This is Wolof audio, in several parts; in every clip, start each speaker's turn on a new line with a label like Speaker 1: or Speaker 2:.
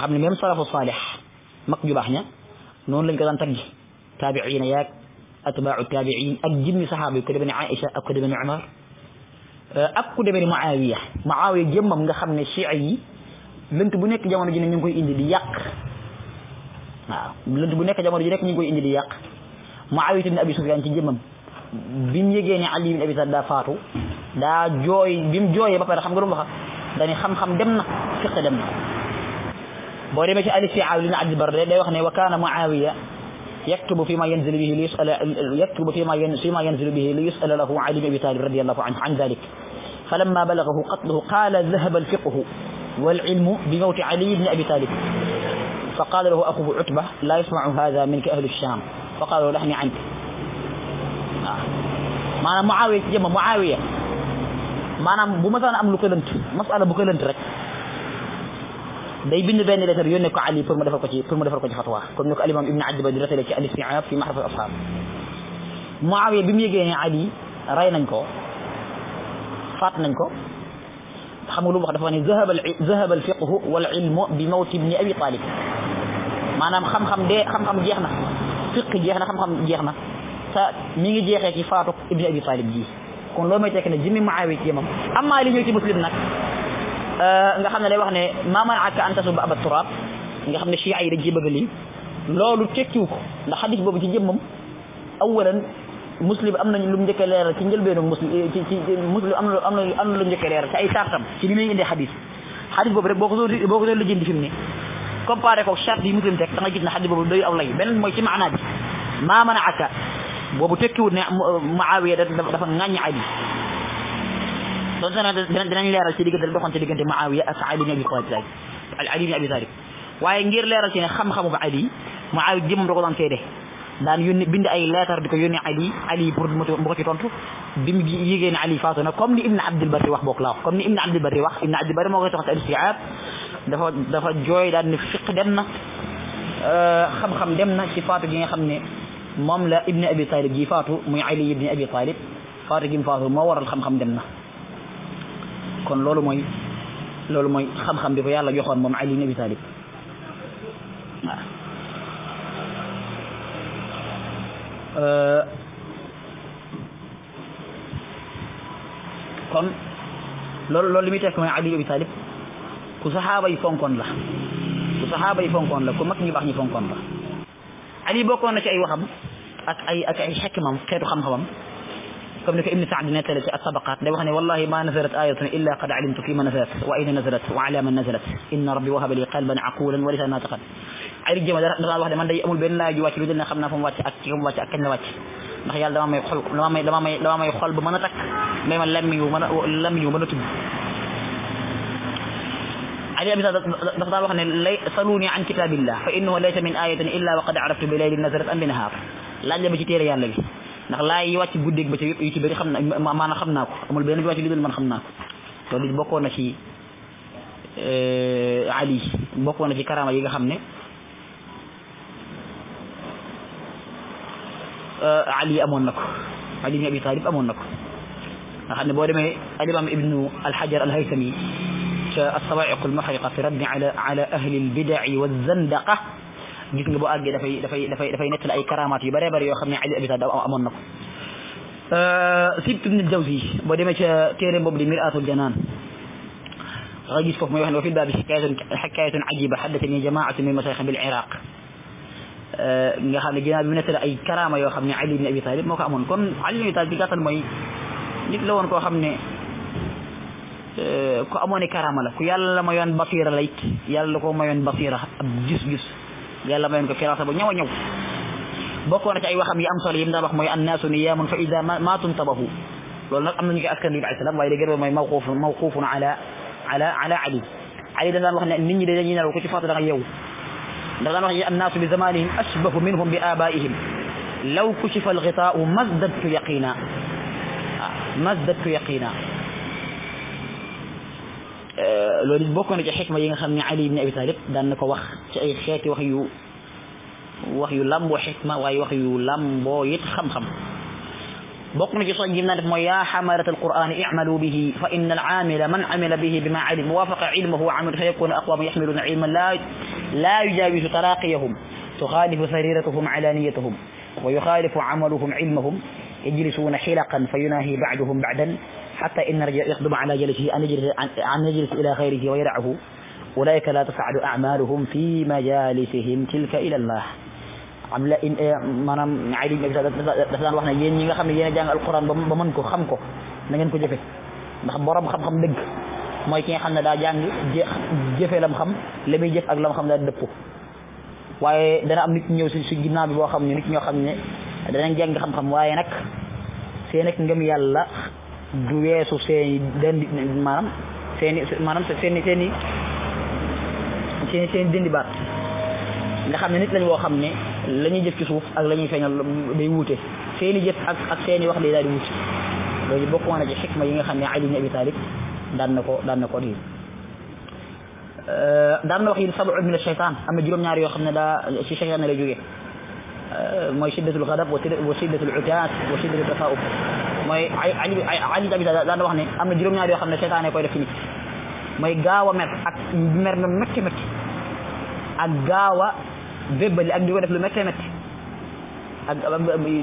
Speaker 1: nga xam ne même salafu saalix mag ju baax ña noonu lañ ko daan taggi taabiina yaag atbaau taabiin ak jimmi saxaaba yi ku demee ni Aïcha ak ku demee ni Umar euh, ak ku demee ni Muawiya Muawiya jëmmam nga xam ne chia yi lënt bu nekk jamono ji ne ñu ngi koy indi di yàq waaw lënt bu nekk jamono ji rek ñu ngi koy indi di yàq Muawiya ibn Abi Sufyaan ci jëmmam bi mu yëgee ne Ali ibn Abi Talib daa faatu daa jooy bi mu jooyee ba pare xam nga lu mu wax dañuy xam-xam dem na fiqe dem na boo demee ci al-Isti'aab li Abdul Barr day wax ne wa kaana Mu'aawiya yaktubu fi ma yanzilu bihi li yus'ala yaktubu fi ma fi ma yanzilu bihi li yus'ala lahu Ali ibn Abi Talib radiyallahu anhu an dhalik فلما بلغه قتله قال ذهب الفقه والعلم بموت علي بن أبي طالب فقال له أخوه عتبة لا يسمع هذا منك أهل الشام فقال له لحني عنك maanaam Muawiya ci jëmm Muawiya maanaam bu ma saan am lu ko lënt masala bu ko lënt rek day bind benn lettre yónne ko Ali pour mu defal ko ci pour mu defal ko ci fatwa comme ni ko alimam ibnu ajba di ratale ci alistiab fi maxrafal ashab Muawiya bi mu yëgee ne Ali rey nañ ko faat nañ ko xam nga lu mu wax dafa ne zahaba zahaba al fiqhu wal ilmu bi mawti ibni abi talib maanaam xam-xam dee xam-xam jeex na fiq jeex na xam-xam jeex na sa mi ngi jeexee ci faatu ibni abi talib ji kon loo may tekk ne jëmmi Muawiya ci yemam amma li ñëw ci muslim nag nga xam ne day wax ne maaman aka anta su ba aba turab nga xam ne chia yi dañ ci bëgg lii loolu tekkiw ko ndax xadis boobu ci jëmmam awalan muslim am nañu lu mu njëkk a leeral ci njëlbeenu muslim ci ci muslim am na am na am na lu mu njëkk a leeral ci ay sartam ci ni muy indee xadis xadis boobu rek boo ko doon boo ko doon lijjanti fi mu ne comparé ko charte yi muslim teg da nga gis ne xadis boobu doy aw lay beneen mooy ci maanaa bi maaman aka boobu tekkiwut ne Muawiya dafa ŋàññ Ali danañ leeral ci diggante doxante diggante Muawiya ak Ali ibn Abi Talib Ali ibn Abi Talib waaye ngir leeral ci ne xam-xamu Ali Muawiya jëmam da ko doon seede daan yónni bind ay leetar di ko yónni Ali Ali pour mu ko ci tontu bi mu yégee ne Ali faatu na comme ni Ibn Abdul Barri wax bokk laa wax comme ni Ibn Abdul Barri wax Ibn Abdul Barri moo koy taxat al-istiab dafa dafa jooy daan ne fiq dem na xam-xam dem na ci faatu gi nga xam ne moom la Ibn Abi Talib ji faatu muy Ali Ibn Abi Talib faatu gi mu faatu moo waral xam-xam dem na kon loolu mooy loolu mooy xam-xam bi ko yàlla joxoon moom Ali nabi Talib waaw kon loolu loolu li muy tekk mooy Ali nabi Talib ku saxaaba yi fonkoon la ku saxaaba yi fonkoon la ku mag ñu baax ñu fonkoon la Ali bokkoon na ci ay waxam ak ay ak ay xekmam xeetu xam-xamam قبلك ابن سعد نتلت السبقة لو هني والله ما نزلت آية إلا قد علمت كيما نزلت وأين نزلت وعلى من نزلت إن ربي وهب لي قلبا عقولا ولسا ناطقا عير الجمع دارت نرال واحدة من دي أمول بيننا يواتي لودنا خمنا فم واتي أكيهم واتي أكيهم واتي مخيال دماما يخلق دماما دماما دماما يخلق بمنتك ميما لمي ولمي ومنتب علي أبي سعد صلوني عن كتاب الله فإنه ليس من آية إلا وقد عرفت بليل نزلت أم بنهار لا أجب جتيري يا لبي ndax lay yi wàcc guddé ba ci yëpp yu ci bari xamna mana xamna ko amul benn wàcc lidul man xamna ko loolu it bokko na ci euh ali bokko na ci karama yi nga xamné euh ali amon nako ali ibn abi talib amon nako nga xamné bo démé ali alimam ibnu al alxajar alhaysami ca alsawaiq almuxriqa fi raddi ala ala ahli albidaci walzandaqa gis nga bu àggee dafay dafay dafay dafay nettali ay karamaat yu bëree bëri yoo xam ne Ali Abi Talib amoon na ko Sibt ibn al-Jawzi boo demee ca téere boobu di Mir'atul Janaan nga gis foofu muy wax ne wa fi baabi xikaayatun xikaayatun ajiba xaddatani jamaatun min masaayixin bil Iraq nga xam ne ginnaaw bi mu nettali ay karama yoo xam ne Ali ibn Abi Talib moo ko amoon kon Ali ibn Abi Talib bi gàttal mooy nit la woon koo xam ne ku amoon karama la ku yàlla la mayoon basira la it yàlla ko mayoon basira ab gis-gis يلا ما ينكر كلا سبب نيو نيو بكون كأي واحد يام صليم دارك ما الناس نيام فإذا ما ما تنتبهوا لأن أمن يك أسكن النبي عليه السلام وإلى جرب ما موقوف موقوف على على على علي علي دارنا وخنا نني دارنا وكتي فاتنا يو دارنا وخنا الناس بزمانهم أشبه منهم بآبائهم لو كشف الغطاء مزدت يقينا مزدت يقينا lolu bokko na ci hikma yi nga xamni ali ibn abi talib dan nako wax ci ay xéti wax yu wax yu lambo hikma way wax yu lambo yit xam-xam bokko na ci so gi na def moy ya xamalat alquran i'malu bihi fa in al'amila man amila bihi bima alim wafaqa 'ilmuhu wa amalu fa aqwa aqwama yahmilu ilman la la yujawizu taraqiyahum tukhalifu sariratuhum 'alaniyatuhum wa yukhalifu 'amaluhum 'ilmuhum yajlisuna hilaqan fayunahi بعدهم ba'dan حتى إن رجل يخدم على جلسه عن يجلس, عن يجلس إلى خيره ويرعه أولئك لا تفعل أعمالهم في مجالسهم تلك إلى الله عمل إن من عليم إذا دخلنا وحنا يني ما خمن يني جان القرآن بمنكو خمكو نجنكو جفه نخبر بخم خم دق ما يكين خلنا دا جان جفه لم خم لم يجف أقل لم خم لا دبو waye dana am nit ñew suñu suñu ginnaw bi bo xamni nit ñoo xamni dana jeng xam xam du weesu seeni dandi maanaam seeni maanaam seeni seeni seeni seeni dindi baat nga xam ne nit lañ woo xam ne la ñuy jëf ci suuf ak la ñuy feeñal day wuute seeni jëf ak ak seeni wax day daal di wuute loolu bokk na ci xikma yi nga xam ne Ali ibn Abi Talib daan na ko daan na ko diir daan na wax yi sabu min ash-shaytan am na juróom-ñaar yoo xam ne daa ci shaytan la jógee mooy shiddatul ghadab wa shiddatul utaat wa shiddatul tafaub mooy ay ay dabi da daan wax ne am na juróom ñaari yoo xam ne seytaane koy def ci nit mooy gaaw a mer ak mer na métti métti ak gaaw a bébbali ak di ko def lu métti métti ak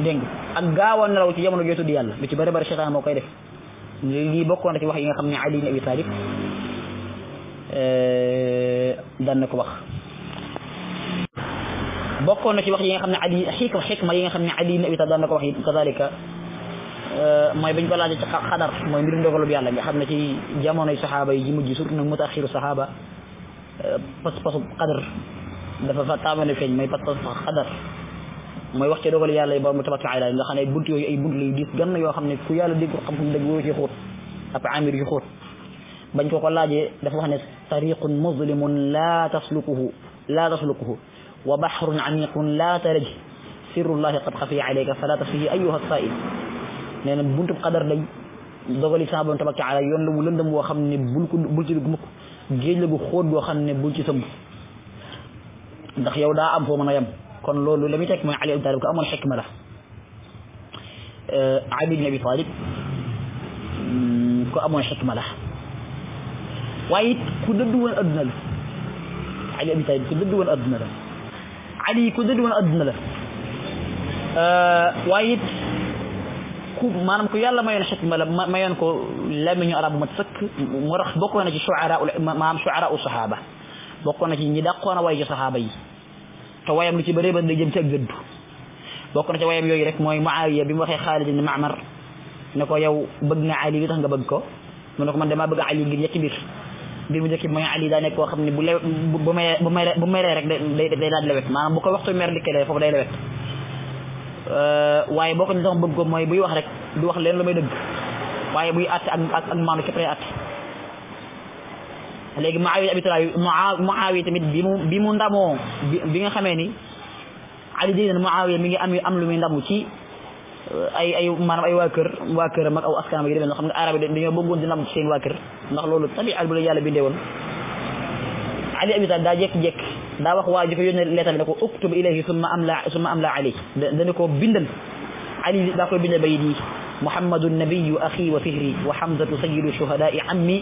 Speaker 1: dégg ak gaaw a nelaw ci jamono jooy tudd yàlla lu ci bëri bëri seytaane moo koy def lii bokkoon na ci wax yi nga xam ne Ali ibn Abi Talib daan na ko wax bokkoon na ci wax yi nga xam ne Ali xikma xikma yi nga xam ne Ali ibn Abi Talib daan na ko wax it kazalika moy bañ ko laaj ci xadar mooy mbirum bi yàlla nga xamna ne ci jamonoy sahaba yi ji mujj surtout nak mutaaxiru sahaba pas-pasu qadar dafa fa taamane feñ moy pas-pasu qadar moy wax ci dogalu yàlla yi borom tabaraka tabax nga xane buntu yoy ay buntu lay yu gan yo xamne ne ku yalla ko déggul xam-xam deg wo ci xóot ap amir yi xóot bañ ko ko laaje dafa wax ne tariqun muzlimun la tasluquhu la tasluquhu wa bahrun amiqun la tarji sirullahi qad khafi alayka fala tasfihi as sail nee na buntu xadar day dogali saa borom tabaraka taala yoon la wu lëndëm woo xam ne bul ko bul ci dugg mukk géej la gu xóot boo xam ne bul ci sëmb ndax yow daa am foo mën a yem kon loolu la muy teg mooy Ali Abi Talib ko amoon xikma la Ali bin Abi Talib ko amoon xikma la waaye it ku dëddu woon adduna la Ali Abi Talib ku dëddu woon adduna la Ali ku dëddu woon adduna la waaye it ku maanaam ku yàlla mayoon xikma la mayoon ko lamiñu arab bu mat sëkk moo tax bokkoon na ci shuara maanaam shuara u sahaaba bokkoon na ci ñi dàqoon a way ci sahaaba yi te wayam lu ci bëree ba day jëm ci ak gëddu bokk na ci wayam yooyu rek mooy muawiya bi mu waxee xaalid ibn ma'mar ne ko yow bëgg nga ali li tax nga bëgg ko mu ne ko man damaa bëgg ali ngir ñetti mbir mbir mu njëkk mooy ali daa nekk koo xam ne bu le bu meree bu meree rek day day daal lewet maanaam bu ko waxtu mer dikkee foofu day lewet Euh, waaye boo ko ne sama mooy buy wax rek du wax leen lu may dëgg waaye buy àtte ak ak ak maanu képp lay àtte léegi Muawiya Abi Talib Muawiya tamit bi mu bi mu ndamoo bi nga xamee ni Ali dégg na Muawiya mi ngi am am lu muy ndamu ci euh, ay ay maanaam ay waa kër waa kër mag aw askan wi demee xam nga arab yi dañoo bëggoon di ndamu ci seen waa ndax loolu tabiat bu la yàlla bindee woon علي ابي داري جيك جيك دا واخ في يوني ليتا بي نكو اكتب اليه ثم املا ثم املا علي دنيكو بيندل علي دا كو بيند باي محمد النبي اخي وفهري وحمزه سيد شهداء عمي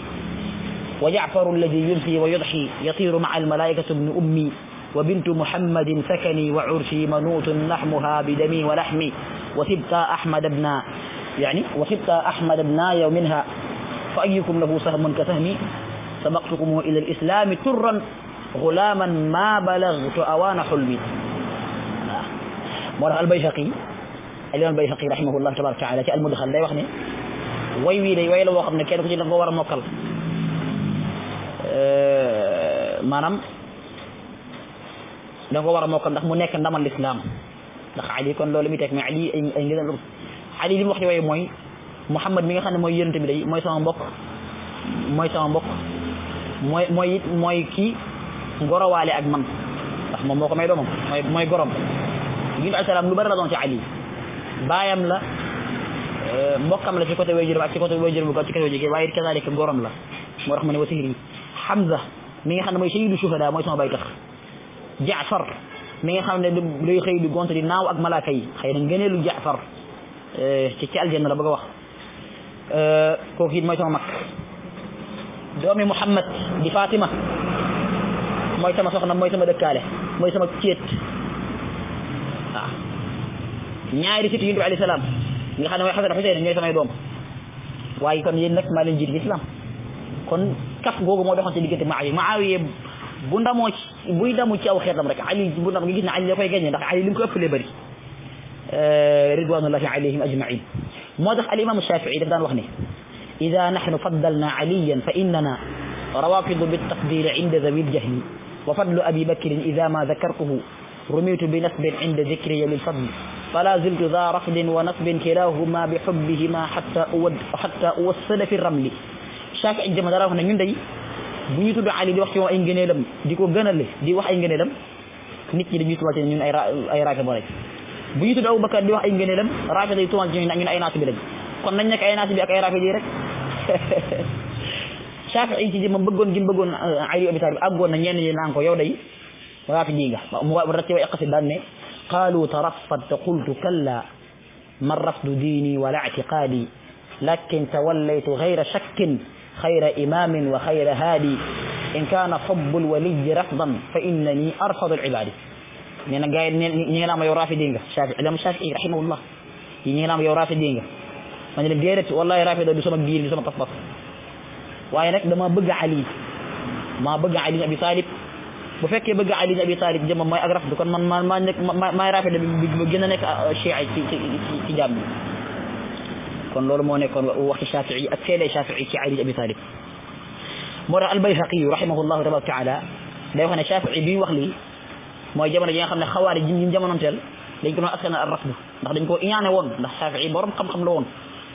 Speaker 1: وجعفر الذي يلقي ويضحي يطير مع الملائكه ابن امي وبنت محمد سكني وعرشي منوط لحمها بدمي ولحمي وثبت احمد ابنا يعني وثبت احمد ابنا يومها فايكم له سهم كسهمي سبقتكمه إلى الإسلام ترا غلاما ما بلغت أوان حلمي مرح البيهقي الإمام البيهقي رحمه الله تبارك تعالى المدخل لا يوخني وي وي لي وي لو خامني كين كو جي نغو ورا موكال ا مانام نغو ورا موكال داخ مو نيك ندامال الاسلام داخ علي كون لولو مي تك مي علي اي نغي دال علي لي مخ دي وي موي محمد ميغا خاني موي يونت بي داي موي سما بوك موي سما بوك mooy mooy it mooy kii gorowaale ak man ndax moom moo ko may doomam mooy mooy gorom yunus alayhi salaam lu bari la doon ci ali baayam la mbokkam la ci côté wéy jërëm ak ci côté wéy jërëm ci côté wéy jërëm waaye it kazaalika gorom la moo tax ma ne wa sihri Hamza mi nga xam ne mooy sayyidu shuhada mooy sama bay tax Jaafar mi nga xam ne day xëy di gont di naaw ak malaaka yi xëy na ngëneelu Jaafar ci ci aljanna la bëgg a wax kooku it mooy sama mag دومي محمد دي فاطمة موي سما سخنا موي سما دكالة موي سما كيت نياري سيتي يندو عليه السلام نيخا نوي حسن حسين نيي سما دوم واي كون يين نك مالين جيت الاسلام كون كاف غوغو مو دوخون سي ديغنت معاوي معاوي بو ندامو سي بو يدامو سي او خيتام رك علي بو ندام غيغنا علي لاكاي غاني داخ علي لمكو ابلي بري رضوان الله عليهم اجمعين مو داخ الامام الشافعي دا دان وخني إذا نحن فضلنا عليا فإننا روافض بالتقدير عند ذوي الجهل وفضل أبي بكر إذا ما ذكرته رميت بنسب عند ذكري للفضل فلا زلت ذا رفض ونصب كلاهما بحبهما حتى أود حتى أوصل في الرمل شاك عند ما دراه نيون داي بني علي دي وخي واي غنيلم ديكو غنال دي واخ اي غنيلم نيت ني دنيو توالتي نيون اي اي راكه بوري بني تود ابو بكر دي واخ اي غنيلم راكه دي توالتي نيون اي ناس بي kon nañ nekk ay naati bi ak ay rafidi rek Shaafi'i ci moom bëggoon gi mu bëggoon Ali Abi Talib àggoon na ñenn ñi naan ko yow day rafidi nga mu rat ci way iqsid daan ne qaalu taraffadta qultu kalla ma rafdu diini wala i'tiqaadi lakin tawallaytu gayra shakkin خير إمام وخير هادي إن كان حب الولي رفضا فإنني أرفض العبادة نينا قايل نينا ما يرافدينك شافعي لا مش شافعي رحمه الله نينا ما يرافدينك ma ne leen déedéet wallahi rafida du sama giir du sama pas-pas waaye nag dama bëgg ali maa bëgg ali abi talib bu fekkee bëgg ali abi talib jëmam mooy ak rafida kon man ma maa nekk maay rafida bi gën a nekk chiiay ci ci jaam bi kon loolu moo nekkoon waxi shafii ak seede shafii ci ali abi talib moo tax albayhaqiyu rahimahullahu tabaraka taala day wax ne shafii bi wax lii mooy jamono ji nga xam ne xawaari ji ñu jamonoonteel dañ ko doon askan al rafdu ndax dañ koo iñaane woon ndax shafii borom xam-xam la woon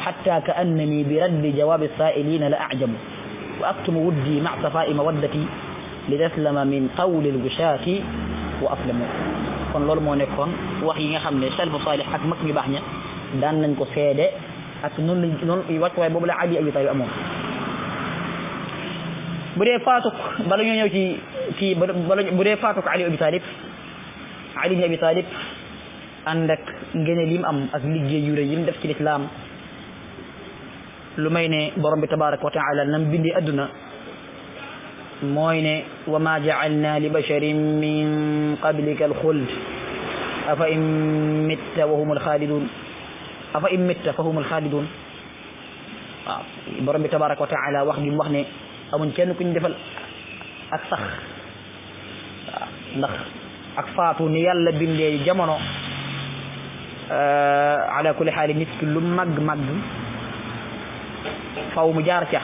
Speaker 1: حتى كأنني برد جواب السائلين لأعجب وأكتم ودي مع صفاء مودتي لتسلم من قول الغشاة وأسلموا kon loolu moo nekkoon wax yi nga xam ne salfu salih ak mag ñu baax ña daan nañ ko seede ak noonu lañ noonu wàccuwaay boobu la Ali Abi Talib amoon bu dee faatuk bala ñoo ñëw ci kii bala bu dee faatuk Ali Abi Talib Ali ibn Abi Talib ànd ak ngëneel yi mu am ak liggéey yu rëy yi mu def ci lislaam lu may ne borom bi tabaraka wa taala nam bindi adduna mooy ne wa ma jaalna li basharin min qablika alxuld afa in mitta wa humul xaalidun afa in mitta fa humul xaalidun waaw borom bi tabaraka wa taala wax gi mu wax ne amuñ kenn kuñ defal ak sax waaw ndax ak faatu ni yàlla bindee jamono ala kulli xaali nit ki lu màgg màgg faw mu jaar ca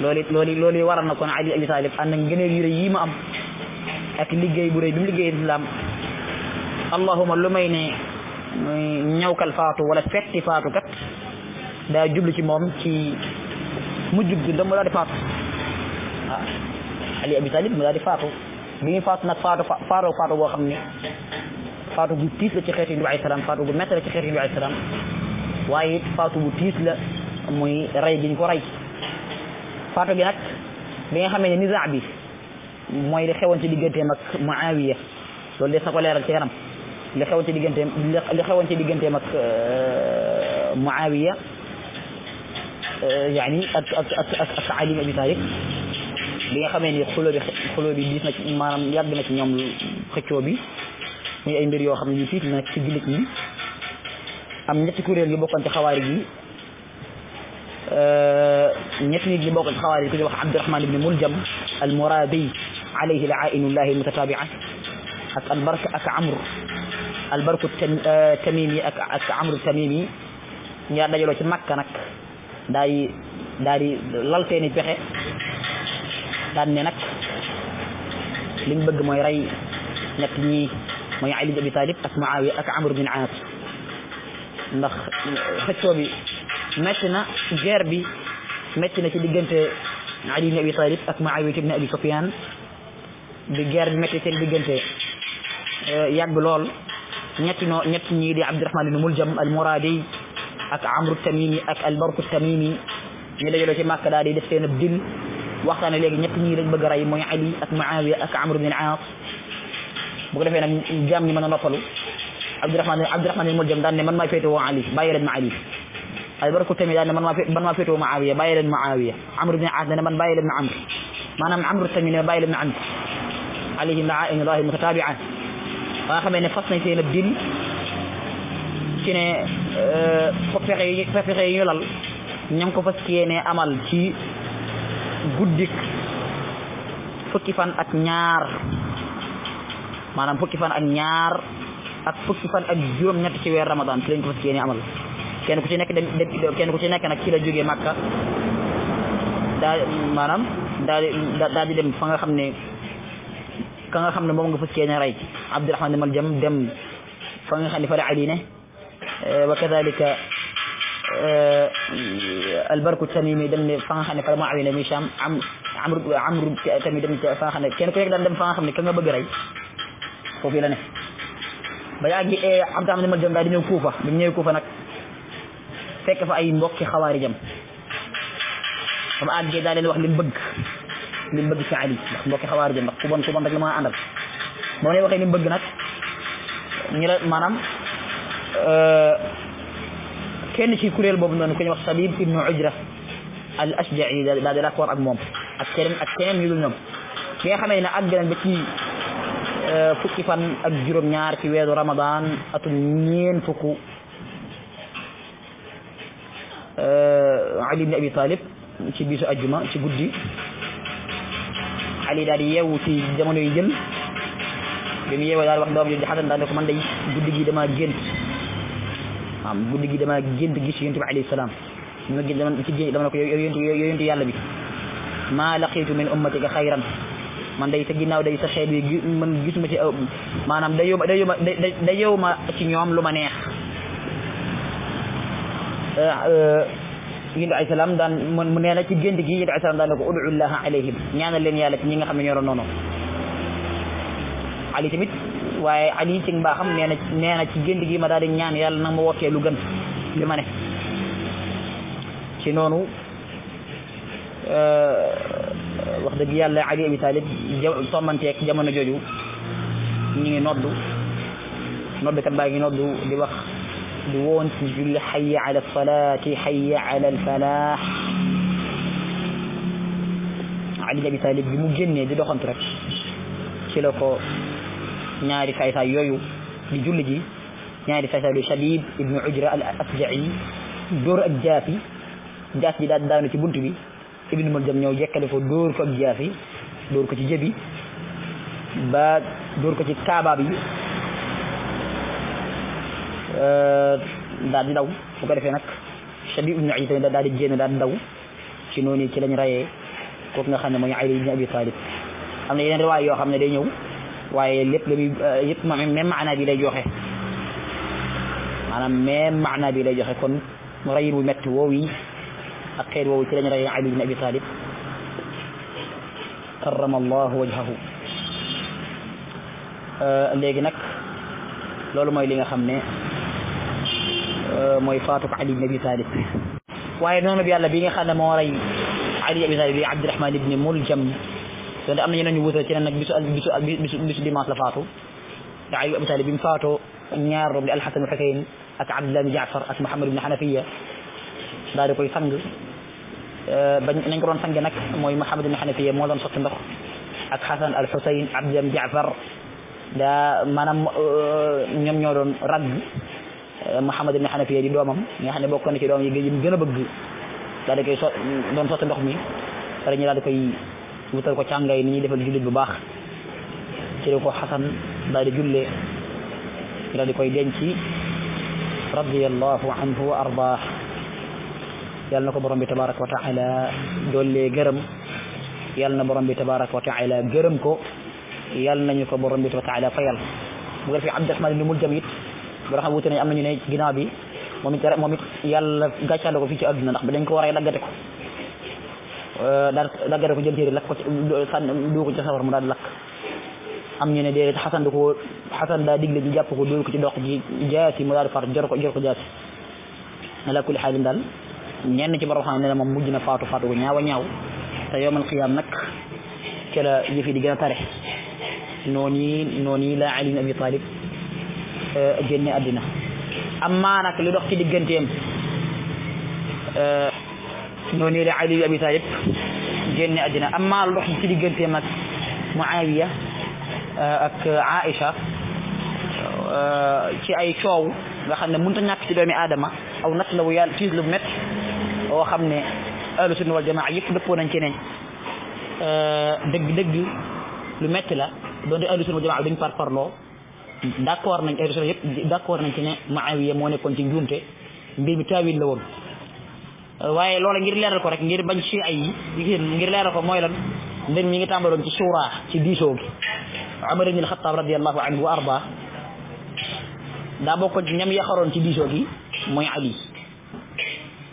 Speaker 1: loolu it loolu loolu waral na kon Ali Abi Talib ànd ak ngëneel yu yi ma am ak liggéey bu rëy bi liggéey islam allahuma lu may ne ñawkal faatu wala fetti faatu kat daa jublu ci moom ci mujjub bi da mu daal di faatu waaw Ali Abi Talib mu daal di faatu bi ñu faatu nag faatu faatoo faatu boo xam ne faatu bu tiis la ci xeetu Nabi salaam bu métti ci xeetu Nabi waaye faatu bu tiis la muy rey gi ñu ko rey faatu gi nag bi nga xamee ne nisaa bi mooy li xewoon ci digganteem ak Muawiya loolu des na ko leeral ci kanam li xewoon ci digganteem li xewoon ci digganteem ak Muawiya yaani ak ak ak ak ak Ali Abi Talib bi nga xamee ni xuloo bi xuloo bi diis na ci maanaam yàgg na ci ñoom xëccoo bi muy ay mbir yoo xam ne yu tiit na ci jullit ñi am ñetti kuréel yu bokkoon ci xawaari yi آه، نيتني جي بوق الخوارج كي واخ عبد الرحمن بن ملجم المرادي عليه لعائن الله المتتابعة اك البرك اك عمرو البرك التميمي آه، اك اك عمرو التميمي نيا داجلو سي مكه نك داي داري لالتيني بخه دان ني نك لين بغ موي راي نك ني موي علي بن ابي طالب اك معاويه اك عمرو بن عاص نخ فتوبي métti na guerre bi métti na ci diggante Ali ibn Abi Talib ak Muawiya ibn Abi Sufyan bi guerre bi métti seen diggante eh, yàgg lool ñetti noo ñett ñii di Abdurahman ibn Muljam al Muradi ak Amru Tamimi ak al Barku Tamimi ñu dajaloo ci Makka daal di def seen ab dil waxtaane léegi ñett ñii lañ bëgg a rey mooy Ali ak Muawiya ak Amru bin Aas bu ko defee nag jàmm ñi a noppalu Abdurahman Abdurahman ibn Muljam daan ne man maay féete woo Ali bàyyi leen ma Ali ay bara ko tamit daal ne man maa ban maa féetoo Muawiya bàyyi leen Muawiya Amr ibn Aas ne man bàyyi leen Amr maanaam Amr tamit ne bàyyi leen Amr alayhim la'inullah mutatabi'an waa xamee ne fas nañ seen ab dil ci ne fexe fexe yi ñu lal ña ko fas yéene amal ci guddik fukki fan ak ñaar maanaam fukki fan ak ñaar ak fukki fan ak juróom-ñett ci weer Ramadan ci lañ ko fas yéene amal kenn ku ci nekk kenn ku ci nekk nag ci la jógee màkka daa maanaam daa daa di dem fa nga xam ne ka nga xam ne moom nga fas yéene rey Abdurahman mal jam dem fa nga xam ne fa la Ali ne wa kadalika albarku tamimi dem ne fa nga xam ne fa la Muawiya mi Sham am amru amru tamit dem fa nga xam ne kenn ku nekk daan dem fa nga xam ne ka nga bëgg rey foofu la ne ba yaa ngi Abdurahman mal jam daa di ñëw Kuufa bi ñëwee Kuufa nag fekk fa ay mbokki xawaarijam xam àggee daa leen wax li bëgg li bëgg ci Ali ndax mbokki xawaarijam ndax ku bon ku bon rek la ma àndal mo lay waxe ni bëgg nak ñu la manam euh kenn ci kuréel bobu noonu ko ñu wax Sabib ibn Ujra al Ashja'i da di d'accord ak mom ak keneen ak keneen yu ñom ñoom bi nga xamé ne àgg nañ ba ci euh fukki fan ak juróom-ñaar ci weeru Ramadan atum ñeen fukk آه، علي بن ابي طالب شي بيسو اجما شي غدي علي دار ييو في جامونو يجل بيم ييو دار واخ دوم جي حسن دا نكو من داي غدي جي داما جنت ام غدي جي داما جنت غيش يونس عليه السلام ما جي داما شي جي داما كو يونس يونس يالا بي ما لقيت من امتك خيرا man day sa ginaaw day sa xéet yi man gisuma ci manam day yow day ma ci ñoom luma neex Eh, eh, yundu ay salaam daan mu nee na ci gént gi yundu ay salaam daan ne ko udullaha alayhim ñaanal leen yàlla ci ñi xam ne ñoo doon noonu ali tamit waaye ali ci mbaaxam nee na ci gént gi ma daal di ñaan yàlla nag ma wootee lu gën li ci noonu eh, wax dëgg yàlla ali abi talib tommanteeg jamono jooju ñu ngi noddu noddukat noddu di wax يقبلون سجل حي على الصلاة حي على الفلاح علي جابي طالب بمو جنة دي دخان ترك شلوكو ناري فايتا يويو بجل جي ناري فايتا لو شبيب ابن عجرة الأفجعي دور الجافي جاس بي داد دانو تبنت بي ابن ملجم نيو جكال فو دور كو الجافي دور كو تجبي با دور كو تكابا daal di daw bu ko defee nag Shabi ibnu Ali tamit daal di génn daal di daw ci noonu ci lañ rayee kooku nga xam ne mooy Ali ibnu Abi Talib am na yeneen riwaay yoo xam ne day ñëw waaye lépp la muy yëpp même maana bi lay joxe maanaam même maana bi lay joxe kon rayin wu métti woow yi ak xeet woowu ci lañ rayee Ali ibnu Abi Talib karrama allahu wajhahu léegi nag loolu mooy li nga xam ne moy fatou Ali nabi Talib waye nonu bi yàlla bi nga xamne mo ray Ali ibn Abi Talib bi Abdurahman ibn Muljam donc am ñeneen ñu wuté ci nak bisu al bisu bisu bisu dimanche la fatou da ay abou Talib bi fatou ñaar rob li al hasan Xukayn ak Abdullah ibn Jaafar ak Muhammad ibn Hanafiya da di koy sang euh nañ ko don sange nak moy Muhammad ibn Hanafiya mo don sotti ndox ak hasan al Xusayn Abdullah ibn Jaafar da manam ñom ñoo don rad Eh, Muhammad ibn Hanafiya di domam nga xamne bokk na ci dom yi gëjëm gëna bëgg daal di koy so doon ndox mi dara ñi daal di wutal ko càngay ni ñi defal julit bu baax ci ko Hasan daal di julle daal di koy denc radiyallahu anhu wa ardaah yàlla na ko borom bi tabaraka wa taala dolle gërem yalla na borom bi tabaraka wa taala gërem ko yalla nañu ko borom bi tabaraka wa taala fayal mu ngi fi Abdurahman ibn muljamit ba xam wute nañ am nañu ne ginnaaw bi moom it moom it yàlla gàccaale ko fii ci àdduna ndax bi dañ ko war a daggate ko daal daggate ko jël téere lakk ko ci sànni duu ko ci safar mu daal di lakk am ñu ne déedéet xasan da ko xasan daa digle ñu jàpp ko dóor ko ci dox ji jaasi mu daal di far jor ko jor ko jaasi ala kulli xaalin daal ñenn ci borom xam ne moom mujj na faatu faatu ko ñaaw a ñaaw te yowmal qiyaam nag ci la yëf yi di gën a tare noonu yi noonu yi la ali bin abi talib génne adina amma nag li dox ci euh noonu la Ali Abi Talib génne àddina amma lu dox ci digganteem ak Muawiya ak aisha euh ci ay coow nga xamné ne mënut a ci doomi adama aw nat la wu yàlla fi lu met wo xamné xam ne sunna wal jamaa yëpp dëppoo nañ ci ne deug deug lu métti la di ahlu sunna wal jamaa duñ par parloo d' nañ ay résultats yëpp d' accord nañ ci ne Muawiya moo nekkoon ci njuumte mbir mi taawil la woon waaye loola ngir leeral ko rek ngir bañ ci ay ngir leeral ko mooy lan mbir mi ngi tàmbaloon ci suuraa ci diisoo gi Umar ibn al-Khattab radiyallahu anhu wa ci ñam yaxaroon gi mooy Ali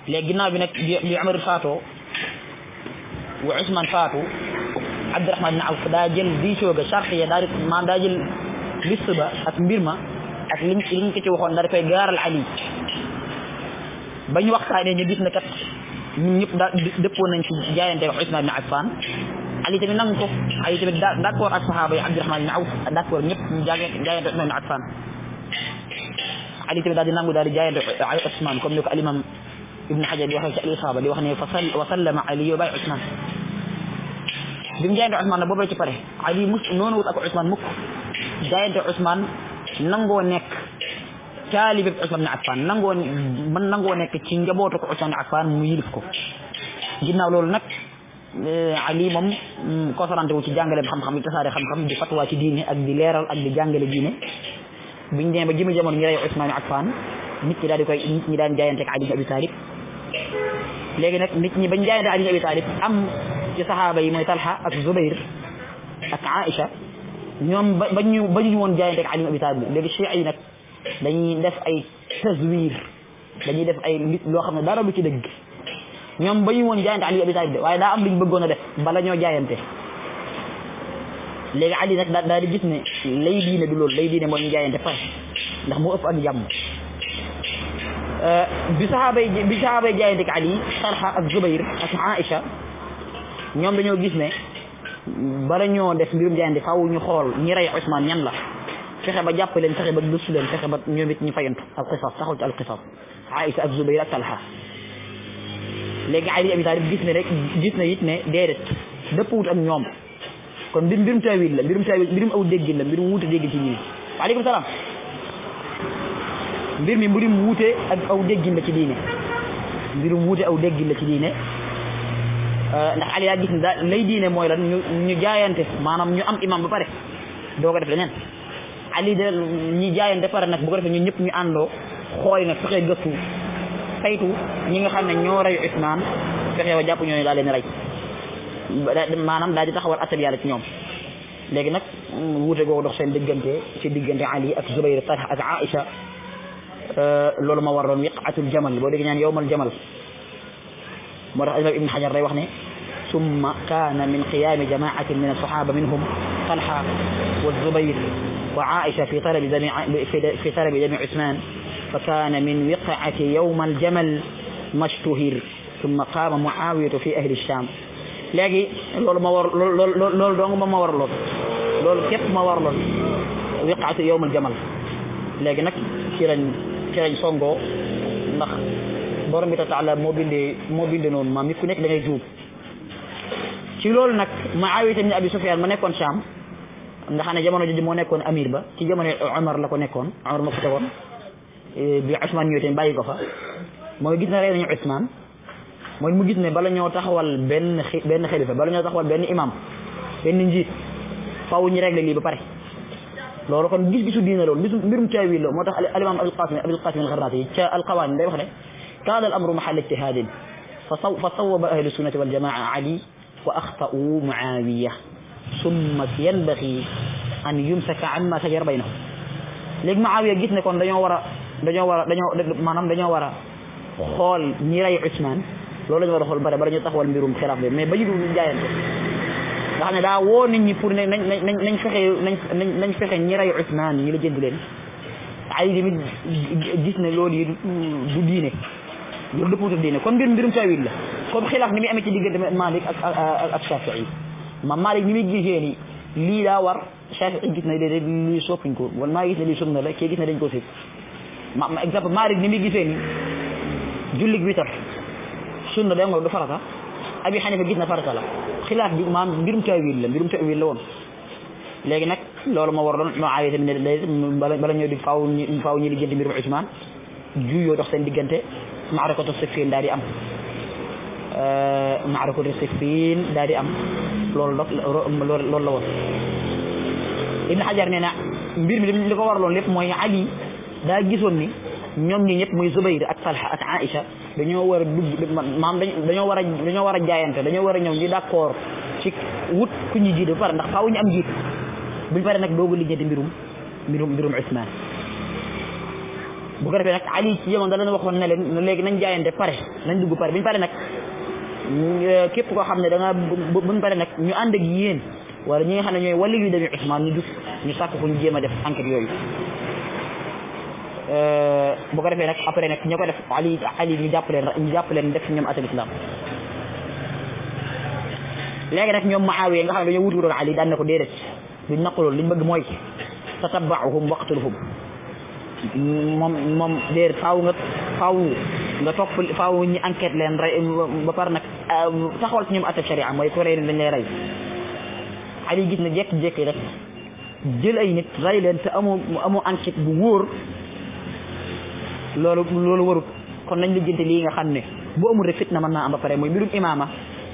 Speaker 1: léegi ginnaaw bi nag bi Umar faatoo wa Usman faatu Abdurahman ibn Awf daa jël diisoo ga daa jël list ba ak mbir ma ak liñ ci liñ ko ci waxoon na dafay gaaral ali bañ waxtaanee ñu gis ne kat ñun ñëpp daal dëppoon nañ ci jaayante wax Usman ibn Affan ali tamit nangu ko ali tamit d'accord ak saxaaba yi Abdurahman ibn Awf d'accord ñëpp ñu jaayante Usman ibn Affan ali tamit daal di nangu daal di jaayante Usman comme ni ko alimam ibn Hajar di waxee ci al-Isaaba di wax ne wa sallama ali yo bàyyi Usman bi mu jaayante Usman na boobee ci pare ali mus noonu wut ak Usman mukk jaayante Ousmane nangoo nekk taalibe Ousmane ibn Affan nangoo man nangoo nekk ci njabootu ko Ousmane ibn Affan mu yilif ko ginnaaw loolu nag eh, Ali moom mm, concentré wu ci jàngale xam-xam di tasaare xam-xam di fatwa ci diine ak di leeral ak di jàngale diine biñ demee ba jëmi jamono ñu rey Ousmane ibn Affan ñi daal di koy nit ñi daan jaayante ak Ali Abi Talib léegi nag nit ñi bañ jaayante Ali ibn Abi Talib am ci saxaaba yi mooy Talha ak Zubair ak Aïcha ñoom ba ba ñu ba ñu woon jaayanteeg Ali Abi Talib léegi chiites yi nag dañuy def ay tazwir dañuy def ay loo xam ne dara lu ci dëgg ñoom ba ñu woon jaayante Ali Abi Talib waaye daa am lu bëggoon a def bala ñoo jaayante léegi Ali nag daa di gis ne lay diine du loolu lay diine mooy ñu jaayante pare ndax moo ëpp ak jàmm bi saxaabay bi saxaabay jaayanteeg Ali Talha ak Zubayr ak Aïcha ñoom dañoo gis ne. bala ñoo def mbirum jaayante faaw ñu xool ñi rey Ousmane ñan la fexe ba jàpp leen fexe ba gëstu leen fexe ba ñoom it ñu fayantu al qisas taxaw ci al qisas Aïssa ak Zubayr ak Talha léegi Ali Abi Talib gis ne rek gis na it ne déedéet dëpp wut ak ñoom kon mbir mbirum tawil la mbirum tawil mbirum aw déggin la mbirum wuute dégg ci diine waaleykum salaam mbir mi mbirum wuute ak aw déggin la ci diine mbirum wuute aw déggin la ci diine Euh, ndax ali yaa gis ne daal lay diine mooy lan ñu ñu jaayante maanaam ñu am imam ba pare doo ko def leneen ali de ñi jaayante pare nag bu ko defee ñu ñëpp ñu àndoo xool nag fexe gëstu saytu ñi nga xam ne ñoo reyu Usmaan fexe ba jàpp ñooñu daal leen rey maanaam daal di taxawal attab yàlla ci ñoom léegi nag mm, wuute googu dox seen diggante ci diggante ali ak Zubayr Talha ak Aïcha euh, loolu ma waroon wiqatul jamal boo dégg ñaan yowmal jamal مره ابن ابن حجر رواه ثم كان من قيام جماعة من الصحابة منهم طلحة والزبير وعائشة في طلب دم في طلب دم عثمان فكان من وقعة يوم الجمل مشتهر ثم قام معاوية في أهل الشام لاجي لول مور لول لول دوم مور لول لول كيف مور لول وقعة يوم الجمل لاجي نك كيرن كيرن سونغو نخ borom bi taala moo bindé moo bindé noonu maam nit ku nekk da ngay juub ci loolu nag awité ni Abi sufyan ma nekkoon Sham nga xam ne jamono jooju moo nekkoon amir ba ci jamono Omar la ko nekkoon Omar moo ko tegoon bi usman ñëwee tamit bàyyi ko fa mooy gis na rey nañu usman mooy mu gis ne bala ñoo taxawal benn xi benn xalifa bala ñoo taxawal benn imam benn njiit faaw ñu régler lii ba pare loolu kon gis-gisu diine loolu bisu mbirum caawi la moo tax al imam Abul Qasim Abul Qasim al-Gharnati ca al-Qawaani day wax ne كان الأمر محل اجتهاد فصوب أهل السنة والجماعة علي وأخطأوا معاوية ثم ينبغي أن يمسك عما سجر بينهم ليك معاوية جيت نكون دنيا ورا دنيا ورا دنيا ورا دنيا ورا خال نيري عثمان لولا جوا خال برا برا جت خال ميرم خلاف بيه ما بيجوا من جاين ده أنا ده وين نيفور نن نن نن شخي نن نن نن شخي نيري عثمان يلي جد لين عادي مد جيت نلول يدو دينه loolu dëppoo ak diine kon mbirum mbirum tawil la comme xilaaf ni muy amee ci diggante Malik ak ak ak Shafii ma Malik ni muy gisee ni lii daa war Shafii gis na déedéet lii soppiñ ko wala maa gis ne lii sum na la kii gis na dañ koo sëg ma exemple Malik ni muy gisee ni jullig witar sunna day ngoog du farata Abi Xanifa gis na farata la xilaaf bi maanaam mbirum tawil la mbirum tawil la woon léegi nag loolu moo war doon no awi tamit ne bala ñoo di faaw ñi faaw ñi lijjanti ma Usmaan juyoo dox seen diggante معركة الصفين daal di am معrakatu Siffin daal di am loolu nag loolu la woon Ibn Hajar nee na mbir mi li ko waraloon lépp mooy Ali daa gisoon ni ñoom ñi ñëpp muy Zubayr ak salha ak aisha dañoo wara dug maam dañoo wara dañoo wara jaayante dañoo wara ñëw ñu d'accord ci wut ku ñu jidu par ndax faaw ñu am jiit buñu pare nak dogu liggéey di mbirum mbirum mbirum usman bu ko defee nag ali ci jamono dana waxoon ne leen léegi nañ jaayante pare nañ dugg pare biñ pare nag képp koo xam ne da nga buñ pare nag ñu ànd ak yéen wala ñi nga xam ne ñooy wali yu demee Ousmane ñu dugg ñu sàkk fu ñu jéem a def enquête yooyu bu ko defee nag après nag ña ko def ali ali ñu jàpp leen ñu jàpp leen def ñoom atal islam léegi nag ñoom Muawiya nga xam ne dañoo wutu wutoon ali daan na ko déedéet duñ naqalool liñ bëgg mooy tatabaahum waqtuluhum moom moom déer faaw nga faaw nga topp faaw ñi enquête leen rey ba pare nag euh, taxawal ci ñoom atte sharia mooy ko rey dañ lay rey Ali na jékki-jékki rek jël ay nit rey leen te amoo amoo enquête bu wóor loolu loolu warut kon nañ lijjanti lii nga xam ne boo amul rek fitna mën naa am ba pare mooy mbirum imaama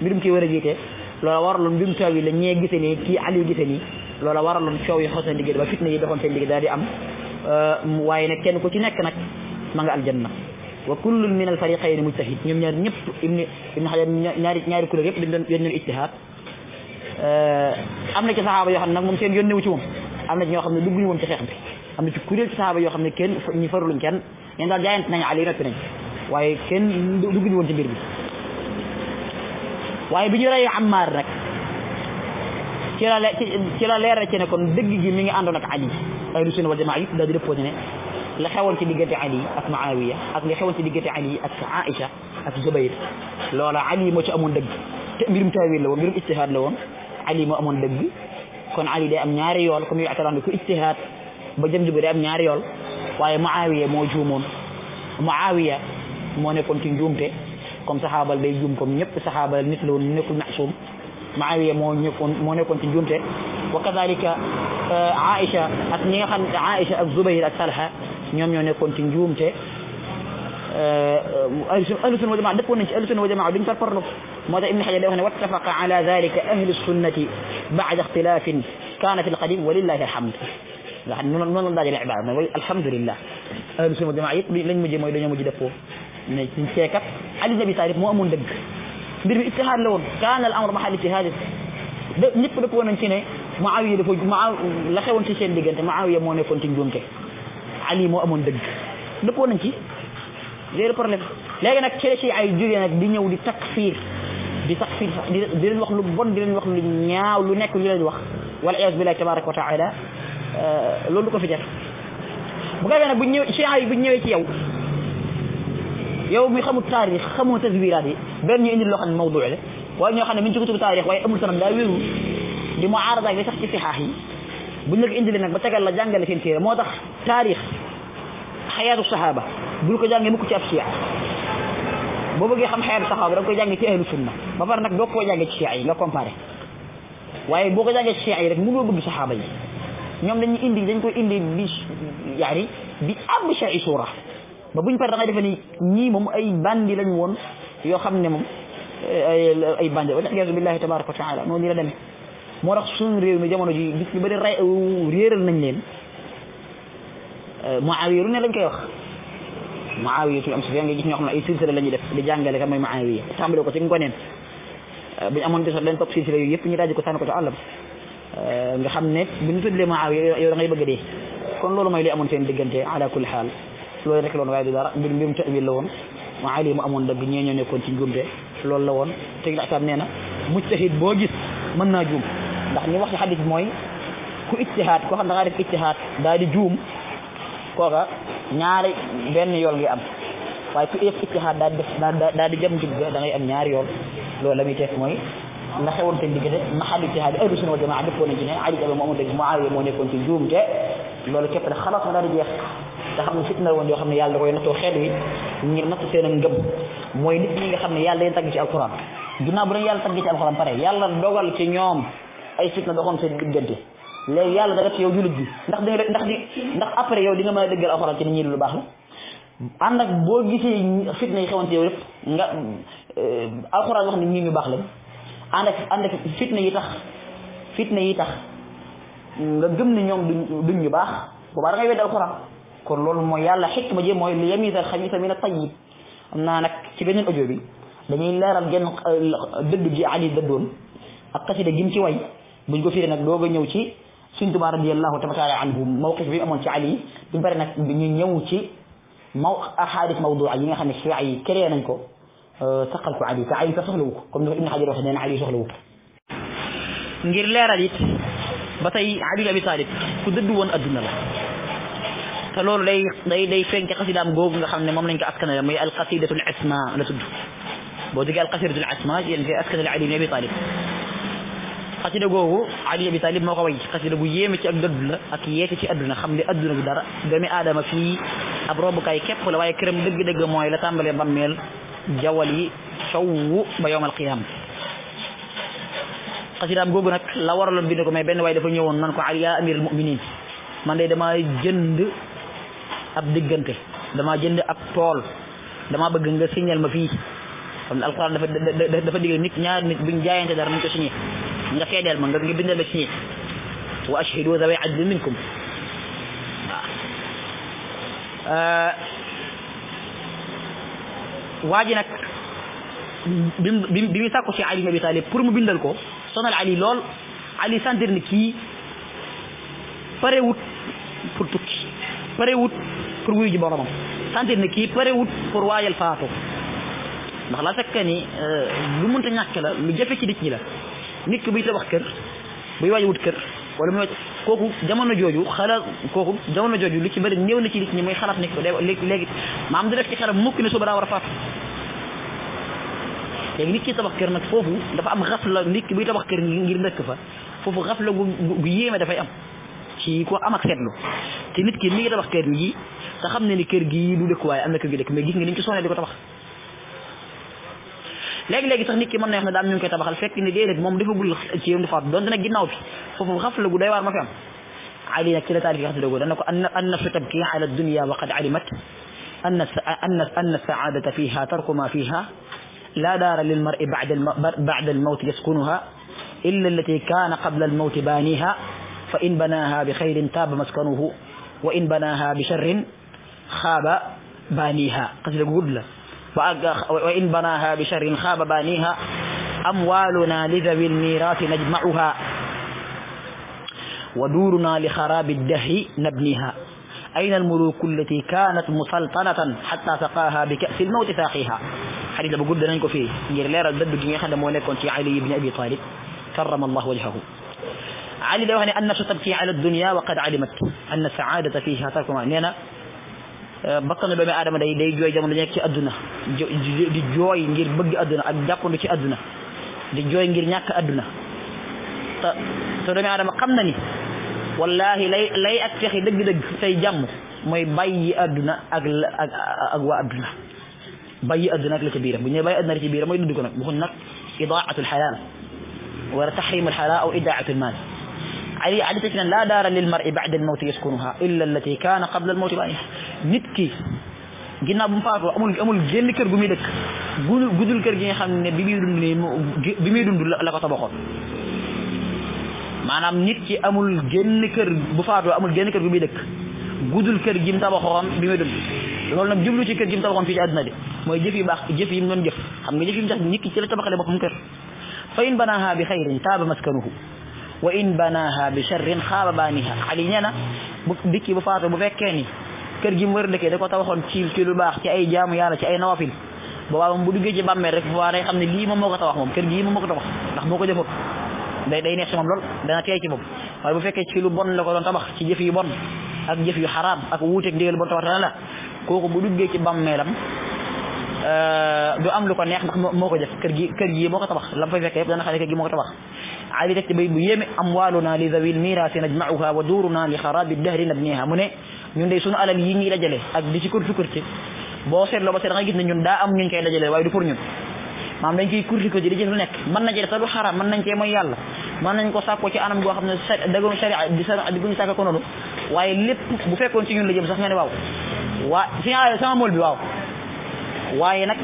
Speaker 1: mbirum kii war a jiite loola waraloon mbirum coow yi la ñee gise nii kii Ali gise nii loola waraloon coow yi xosoon digg ba fitna yi doxoon seen daal di am waaye nag kenn ku ci nekk nag ma nga aljanna wa kullun min al fariqayni mujtahid ñoom ñaar ñëpp ibni ibni xajar ñaari ñaari kuréel yëpp dañ doon yónneel ijtihaad am na ci saxaaba yoo xam ne nag moom seen yónne wu ci moom am na ci ñoo xam ne dugg ñu woon ci xeex bi am na ci kuréel ci saxaaba yoo xam ne kenn ñu faruluñ kenn ñeen daal jaayante nañ ali noppi nañ waaye kenn dugg ñu woon ci mbir bi waaye bi ñu rey Ammaar nag ci la ci la leer ci ne kon dëgg gi mi ngi àndoon ak Ali ahlu sunna wal jamaa yëpp daal di déposé ne la xewoon ci diggante Ali ak Muawiya ak la xewoon ci diggante Ali ak Aïcha ak Zubayr loola Ali moo ci amoon dëgg te mbirum tawil la woon mbirum ijtihaad la woon Ali moo amoon dëgg kon Ali day am ñaari yool comme yu atalaan ko ijtihaad ba jëm jubbi day am ñaari yool waaye Muawiya moo juumoon Muawiya moo nekkoon ci njuumte comme saxaabal day juum comme ñëpp saxaabal nit la woon nekkul maxsuum معاويه مو نيكون تي جونته وكذلك آه، عائشه اك نيغا خن عائشه اك زبير اك صالحه نيوم نيو نيكون تي جونته اا آه، آه، الوسن وجماعه دكون نتي الوسن وجماعه دين فارفرلو مودا ابن حجر ده واتفق على ذلك اهل السنه بعد اختلاف كان في القديم ولله الحمد لانه من داجي العباده الحمد لله اهل السنه وجماعه لنجي موي دانيو مجي دبو ني نعم، سي كات علي نبي طارق مو امون دغ mbir bi ittihad la won kaana al amru mahall ittihad da ñëpp dëppoo nañ ci ne Muawiya dafa maa la xewon ci seen diggante Muawiya moo nekkoon ci njuumte Ali mo amon deug dëgg dëppoo nañ ci leer problème legi nak ci ci ay jógee nak di ñëw di takfir di takfir di di leen wax lu bon di leen wax lu ñaaw lu nekk lu leen wax wal iyaas billahi tabaarak wa taala loolu ko fi def bu ko nak bu ñëw ci ay bu ñewé ci yow yow mi xamul taarix xamoo tasbiraat yi benn ñu indil loo xam ne mawdu la wala ñoo xam ne mi ngi ci kutubu taarix waaye amul sanam daa wéru di mu aarada ak li sax ci sixaax yi buñ la ko indilee nag ba tegal la jàngale seen téere moo tax taarix xayaatu saxaaba bul ko jàngee mukk ci ab siya boo bëggee xam xayaatu saxaaba da nga koy jàngee ci ahlu sunna ba pare nag doo koo jàngee ci siya yi nga comparé waaye boo ko jàngee ci siya yi rek mënoo bëgg saxaaba yi ñoom dañuy indi dañ koy indi bi yaani bi ab shay sura ba buñ par da ngay ni ñii moom ay bandi lañu woon yoo xam ne moom ay bandi wala iyaazu billahi tabaraka wa taala noonu la demee moo tax sun réew mi jamono ji gis ñu bëri ray réeral nañ leen Muawiya ne lañ koy wax Muawiya tu am Sufyaan nga gis ñoo xam ne ay silsila la ñuy def di jàngale kan mooy Muawiya tàmbale ko ci ngoneem bu ñu amoon des dañ topp silsila yooyu yëpp ñu daaj ko sànni ko ci àll nga xam ne bu ñu tuddee Muawiya yow da ngay bëgg kon loolu mooy li amoon seen diggante ala kulli looy rek loon waaye du dara mbir mbirum tawil la woon ma ali mu amoon dëgg ñee ñoo nekkoon ci njuumte loolu la woon te itam nee na mujtahid boo gis mën naa juum ndax ñu wax ci xadis mooy ku ijtihaad koo xam da ngaa def ijtihaad daal di juum kooka ñaari benn ngi am waaye ku def ijtihaad daal di def daal di jëm njub da am ñaari yool loolu la muy teg mooy la xewoon seen diggante maxal ijtihaad ahlu sunna wal jamaa dëppoo nañ ci ne ci juum te loolu jeex nga xam ne fitna woon yoo xam ne yàlla da koy nattoo xeet wi ngir natt seen ak ngëm mooy nit ñi nga xam ne yàlla leen tagg ci alxuraan ginnaaw bu leen yàlla tagg ci alxuraan pare yàlla dogal ci ñoom ay fitna doxoon seen diggante léegi yàlla da nga ci yow jullit bi ndax di yow di nga mën a dëggal alxuraan ci ni ñi lu baax la ànd ak boo gisee fitna yi xewante yow nga euh, alxuraan wax ne ñu baax lañ ànd ak ànd yi tax fitna yi tax nga gëm ne ñoom duñ duñ ñu baax boobaa da ngay alxuraan kon loolu mooy yàlla xikma ji mooy li yamiza alxabisa min atayib am naa nag ci beneen audio bi dañuy leeral genn euh, dëdd ji ali dëddoon ak xasida gim ci way buñ ko firee nag doog a ñëw ci Sëriñ Tuubaa radiyallahu taala anhu mawqif bi amoon ci ali buñ pare nag ñu ñëw ci maw ahadis mawdua yi nga xam ne chia yi créé nañ ko euh, saqal ko ali te ko comme ni ko Ibn Hajar waxee nee na ali soxlawu ko ngir leeral ba tey ali abi talib ku dëdd woon adduna la te loolu day day day feeñ ci xasidaam googu nga xam ne moom lañ ko askanale muy alqasidatul asma la tudd boo déggee alqasidatul asma yéen ngay askanale ali ibn abi talib xasida googu ali abi talib moo ko way xasida gu yéeme ci ak dëdd la ak yeete ci adduna xam ne adduna bu dara doomi aadama fii ab robukaay képp la waaye këram dëgg-dëgg mooy la tàmbalee bammeel jawal yi sowu ba yowmal qiyaam xasidaam googu nag la waraloon bind ko mais benn waaye dafa ñëwoon nan ko ali yaa amiral muminin man day dama jënd ab digënté dama jënd ab tool dama bëgg nga signal ma fi kon alquran dafa dafa digal nit ñaar nit buñu jaayante dara ñu ko signé nga fédel ma nga ngi bindal ma signé wa ashhidu dawa adli minkum waaw waa ji bi mi sàkku ci Ali nabi Abi Talib pour mu bindal ko sonal Ali lool Ali sandir ni kii parewut pour tukki parewut pour wuyu ji boromam sentir ne kii parewut pour waajal faatu ndax la fekk ni lu mënta ñàkk la lu jafe ci nit ñi la nit ki buy tabax kër buy waaj wut kër wala muy kooku jamono jooju xalaat kooku jamono jooju lu ci bëri néew na ci nit ñi muy xalaat ne ko léegi maam du def ci xelam mukk ne suba daa war a faatu léegi nit ki tabax kër nag foofu dafa am xaf la nit ki buy tabax kër ngir dëkk fa foofu xaf la gu yéeme dafay am kii ko am ak seetlu te nit ki mi ngi tabax kër gi te xam ne ni kër gi du dëkk waaye am na kër gi dëkk mais gis nga ni ñu ci sonné di ko tabax léegi-léegi sax nit ki mën na wax ne daam ñu ngi koy tabaxal fekk ni déedéet moom defagul ci yëm dafaat doon nag ginnaaw bi foofu xaf la gu doy waar ma fi am ali nag ci la taalif yi xasida googu dana ko an nafsu tabki ala dunya wa qad alimat أن أن أن السعادة فيها ترك ما فيها لا دار للمرء بعد بعد الموت يسكنها إلا التي كان قبل الموت بانيها فإن بناها بخير تاب مسكنه وإن بناها بشر خاب بانيها قصد قدلة وإن بناها بشر خاب بانيها أموالنا لذوي الميراث نجمعها ودورنا لخراب الدهر نبنيها أين الملوك التي كانت مسلطنة حتى سقاها بكأس الموت ساقيها حديث أبو قدر ننكو فيه غير لا رد بدك يخدم ونكون في علي بن أبي طالب كرم الله وجهه علي لو هني أن تبكي على الدنيا وقد علمت أن سعادة فيها تركم أنا آه، بطن بما آدم دي دي جوي جمع دنيا كي أدنى دي جوي نجير بغي أدنى أجاكم دي كي أدنى دي جوي نجير نياك أدنى سرمي آدم قمنني والله لي لي أتخي دق دق سي جمع موي باي أدنى أقوى أدنى باي أدنى أقل كبيرة بني باي أدنى كبيرة موي دقنا بخنك إضاعة الحلال ولا تحريم الحلال أو إداعة المال علي حديثنا لا دار للمرء بعد الموت يسكنها الا التي كان قبل الموت بعيد. نتكي جينا بوم فاتو امول امول جين كير غومي دك غودول كير جي خامن بي مي دوند لا كو تابخون مانام نيتكي امول جين كير بو امول جين كير غومي دك غودول جيم تابخون بي مي دوند لول نام جوبلو سي كير جيم تابخون في سي ادنا دي موي جيف باخ جيف يم نون جيف خامن جيف يم تاخ نيتكي سي لا تابخ لي بوبم بناها بخير تاب مسكنه wa in banaha bi sharrin xaaba baaniha ali ñe na bu dikki bu faatu bu fekkee ni kër gi mu wër dëkkee da ko tabaxoon ci ci lu baax ci ay jaamu yàlla ci ay nawafil boobaa bu duggee ci bàmmeel rek waa day ne lii moom moo ko tabax moom kër gii moom moo ko tabax ndax moo ko jëfoon day day neex ci moom lool dana teey ci moom waaye bu fekkee ci bon la ko doon tabax ci jëf yu bon ak jëf yu xaraam ak wuuteeg ndigal bon tabax dana la kooku bu duggee ci bàmmeelam du am lu ko neex ndax moo ko def kër gi kër gi moo ko tabax lam fay fekk yëpp dana xam ne kër gi moo ko tabax ali teg ci bay bu yéeme amwaaluna li zawil mirasi najmauha wa duuruna li xarabi dahri nabniha mu ne ñun day sunu alal yi ñuy dajale ak di ci kurti kurti boo seetloo ba seet da nga gis ne ñun daa am ñuñ koy dajale waaye du pour ñun maam dañ koy kurti kurti di jël lu nekk mën nañ cee def te du xaraam mën nañ cee mooy yàlla mën nañ ko sàkkoo ci anam goo xam ne daganu sharia di sa di buñu sàkk ko noonu waaye lépp bu fekkoon ci ñun la jëm sax nga ne waaw waa si sama mool bi waaw waaye nag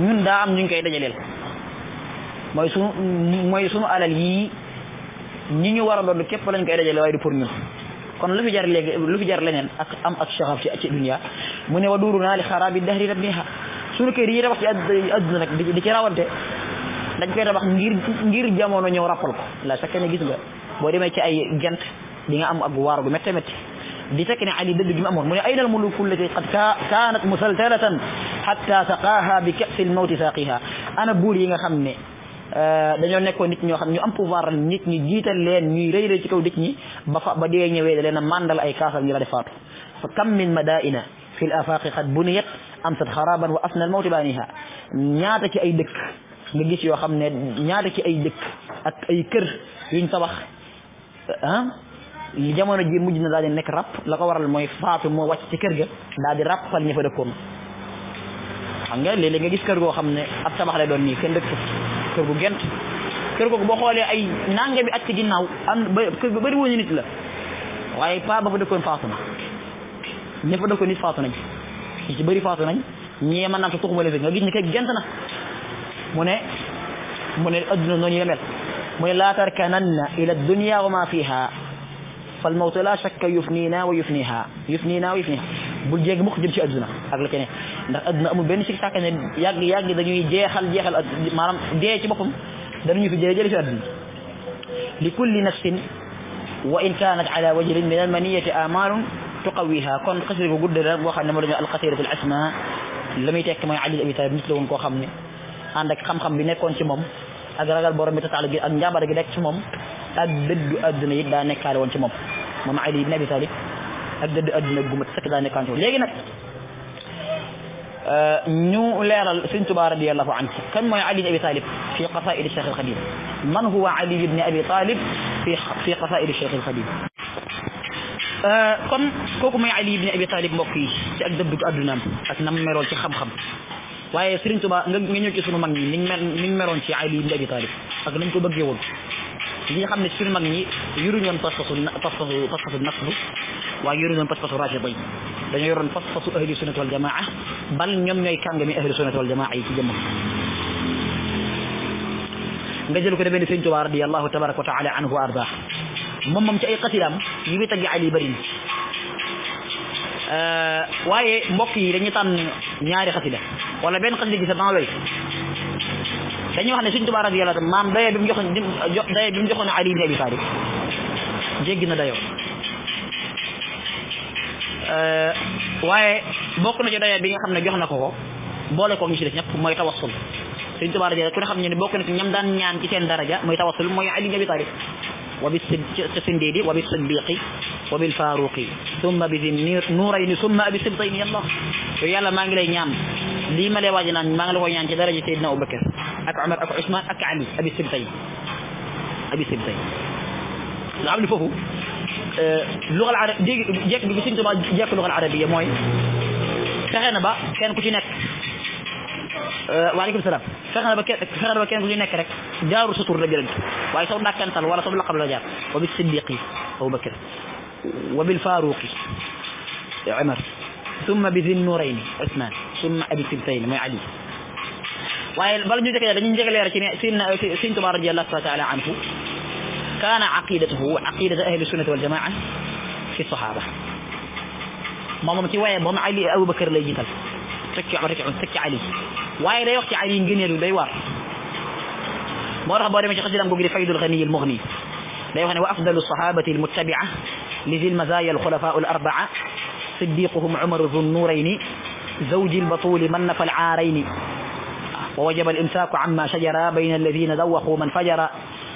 Speaker 1: ñun daa am ñu ngi koy dajaleel mooy sunu mooy sunu alal yii ñi ñu war a doon képp lañ koy dajale waaye du pour ñun kon lu fi jar léegi lu fi jar leneen ak am ak saxaf ci ci dunya mu ne wa duuru naa li xaraabi dahri rabbiha sunu kër yi tabax ci adduna nag di ci rawante dañ koy tabax ngir ngir jamono ñëw rappal ko la sa kenn gis nga boo demee ci ay gent di nga am ak waar gu métte métti بسكن علي ضد جمأمر من أين الملوك التي قد كانت مسلسلة حتى سقاها بكأس الموت ساقها أنا بولي خمني dañoo nekkoon nit ñoo xam ñu am pouvoir nit ñi jiital leen ñuy rëy rëy ci kaw nit ñi ba fa ba dee ñëwee da leen a màndal ay kaasal ñu la defaatu fa kam min madaina fi l afaqi qad buniyat amsat xaraban wa asna al mawti baaniha ñaata ci ay dëkk nga gis yoo xam ñaata ci ay dëkk ak ay kër yuñ tabax ah li jamono ji mujj na daal di nekk rap la ko waral mooy faatu moo wàcc ci kër ga daal di rappal ña fa dëkkoon xam nga léeg nga gis kër goo xam ne ab tabax lay doon nii kenn dëkk kër gu gent kër googu boo xoolee ay nanga bi at ci ginnaaw am kër gu bëri woon nit la waaye pa ba fa dëkkoon faatu na ña fa dëkkoon nit faatu nañ ñi ci bëri faatu nañ ñee mën nga gis ne kay gent na mu ne mu ne adduna noonu la mel mu ne laa ila dunya wa ma fiha فالموت لا شك يفنينا ويفنيها يفنينا ويفنيها بول جيغ مخ جيم سي ادنا اك لا دا ادنا امول بن شي ساكن ياغ ياغ دا نيو جيخال جيخال مانام دي سي بوبم دا نيو في جيجل سي ادنا لكل نفس وان كانت على وجه من المنيه امال تقويها كون قصر غود رك بو خا القصير في الاسماء لم يتك ما علي ابي طالب مثلهم كو خامني عندك خام خام بي نيكون سي موم ak ragal borom bi tataal gi ak njàmbaar gi nekk ci moom ak dëddu adduna yi daa nekkaale woon ci moom moom Ali ibn Abi Talib ak dëddu adduna gu mat sëkk daa nekkaan ci moom léegi nag ñu leeral sëñ Tuba radiyallahu anhu kan mooy Ali ibn Abi Talib fi qasaid Cheikh al-Khadim man huwa Ali ibn Abi Talib fi fi qasaid Cheikh al-Khadim kon kooku mooy Ali ibn Abi Talib mbokk yi ci ak dëddu addunaam ak nam merool ci xam-xam waaye Serigne Touba nga nga ñëw ci sunu mag ñi niñ mel niñ meroon ci Ali ibn Abi Talib ak nañ ko bëggee woon ñi nga xam ne sunu mag ñi yoruñu woon pas-pasu pas-pasu pas-pasu nasbu waaye yoruñu woon pas rajo bay dañoo yoroon pas-pasu ahli sunnati wal jamaa bal ñoom ñooy kàngami ahli sunnati wal jamaa yi ci jëmm nga jël ko demee ni Serigne Touba radiyallahu tabaraka wa taala anhu wa ardah moom moom ci ay xasidaam yi muy taggi Ali bëri na Eh, waaye mbokk yi dañuy tànn ñaari xasida wala benn xasida gisa danga looy dañuy wax ne suñ tubaab radiyallahu taala maam daye bi mu daye bi mu Ali ibn Abi Talib jéggi na dayoo eh, waaye bokk na ci daye bi nga xam jox na ko ko boole ko ñu ci def ñëpp mooy tawassul suñ tubaab radiyallahu ku ne xam ne na ci ñam daan ñaan ci seen daraja mooy tawassul mooy Ali ibn Abi Talib wa bi ci wa bi siddiqi وبالفاروق ثم بذنورين ثم أبي سبطين يا الله يلا ما نقول نعم لما لا واجنا ما نعم؟ نقول نعم كدرجة سيدنا أبو بكر أكو عمر أكو عثمان أكو علي أبي سبطين أبي سبطين العبد فهو اللغة أه، العربية جاك بيسين تبع جاك اللغة العربية موي فخنا بقى كان كتير نك أه، وعليكم السلام فخنا بقى فخنا بقى كان كتير نك رك جار وسطور لجرد وعيسى الله كان تلو ولا صبر قبل الجار وبالصديق أبو بكر وبالفاروق عمر ثم بذي النورين عثمان ثم أبي سلطين ما علي بل من ذكر من ذكر لكن سين سين تبار رضي الله تعالى عنه كان عقيدته عقيدة أهل السنة والجماعة في الصحابة ما ما تي ما علي أبو بكر لي جتل تكي عمر تكي تكي علي وين لا يوقف علي ينجني البيوار مرة بارمي شخص لم يقدر الغني المغني دايوخني وأفضل الصحابة المتبعة لذي المزايا الخلفاء الأربعة صديقهم عمر ذو النورين زوج البطول من العارين ووجب الإمساك عما شجر بين الذين ذوقوا من فجر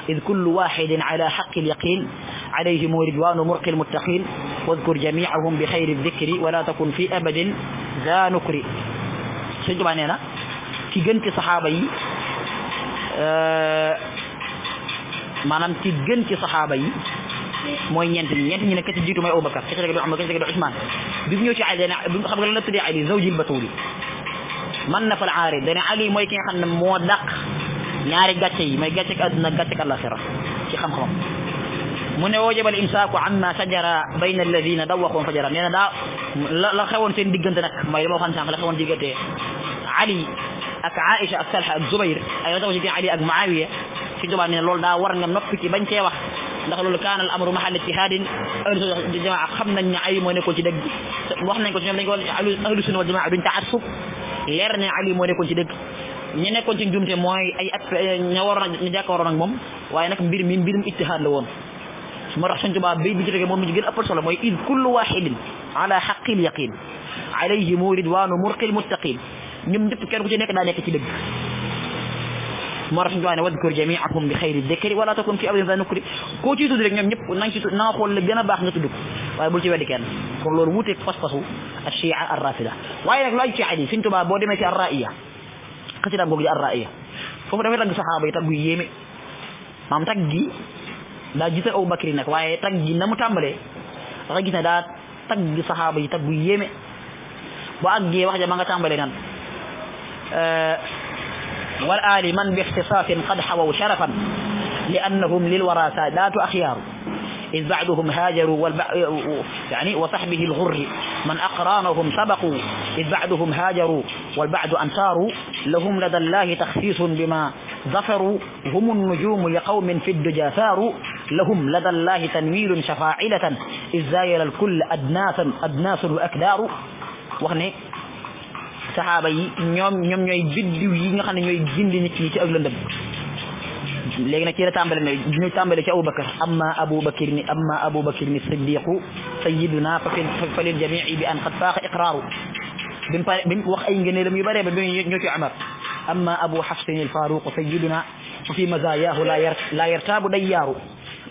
Speaker 1: إذ كل واحد على حق اليقين عليهم رضوان مرق المتقين واذكر جميعهم بخير الذكر ولا تكن في أبد ذا نكر سنجب عنينا كي جنت صحابي آه، manam ci gën ci sahaba yi moy ñent ñi ñeent ñi nek ci jitu moy Abubakar ci tege do am ka ci tege du Usmaan bi ñëw ci Ali dana bi xam nga la tuddee Ali zawjil batuli man na fal aari dana Ali moy ki nga xamne mo dak ñaari gatché yi moy gatché ak àdduna gàcce ak àllaxira ci xam xam mu ne wajaba al imsaaku amma sajara bayna alladhina dawakhu fajara neena da la xewon seen diggante nak mooy dama xam sax la xewon diggante Ali ak aisha ak salha ak zubair ay la Ali ak Muawiya ci Tuubaa ne lol da war nga nopi ci bañ ci wax ndax loolu kaanal amru mahall ittihad jamaa xam ni ne ay moo nekkoon ci dëgg wax nañ ko ci ñoom dañ ko ahlu sunna wal jamaa duñ taassub leer ne ali moo nekkoon ci dëgg ñi nekkoon ci njumte mooy ay at ña waroon ña jàkkaaroon ak moom waaye nag mbir mi mbirum ijtihaad la woon moo tax Sëñ Tuubaa bay bi ci tege moom gën ëppal solo mooy id kullu waxidin ala xaqil yaqin alayhimu ridwaanu murqil muttaqin ñoom ñëpp kenn ku ci nekk daa nekk ci dëgg مرحبا انا واذكر جميعكم بخير الذكر ولا تكن في ابد ذنكر كو تي تودي نيب نانتي تود ناخول لا غنا باخ نتا دوك واي بول تي ودي كين كون لول ووتي فاس فاسو الشيعه الرافده واي نك لاي تي علي سنتو با بو ديمي تي الرائيه كتي دام بوغي الرائيه فوف دامي تاغ صحابه تاغ ييمي مام تاغي دا جيت او بكر نك واي تاغي نامو تامبالي را جيت دا تاغ صحابه تاغ ييمي بو اغي واخ جا ماغا تامبالي نان ا آه، والآل من باختصاص قد حووا شرفا لأنهم للورى سادات أخيار إذ بعدهم هاجروا والب... يعني وصحبه الغر من أقرانهم سبقوا إذ بعدهم هاجروا والبعد أنصار لهم لدى الله تخصيص بما ظفروا هم النجوم لقوم في الدجا ثاروا لهم لدى الله تنويل شفاعلة إذ زايل الكل أدناس أدناس وأكدار وهني sahaba yi ñom ñom ñoy biddiw yi nga xamne ñoy ñooy gindi nit ñi ci ak lëndëm legi nag ci la tàmbale ne ñu tàmbale ci aboubacar amma aboubacar ni amma aboubacar ni Siddiq sayyiduna fa lil jamii bi an qad faqa iqraru bi pare bi wax ay ngëneelam yu bare ba ñu ci amar amma abu xafsin alfaruqu sayiduna fa fi mazayahu la yartabu dayyaaru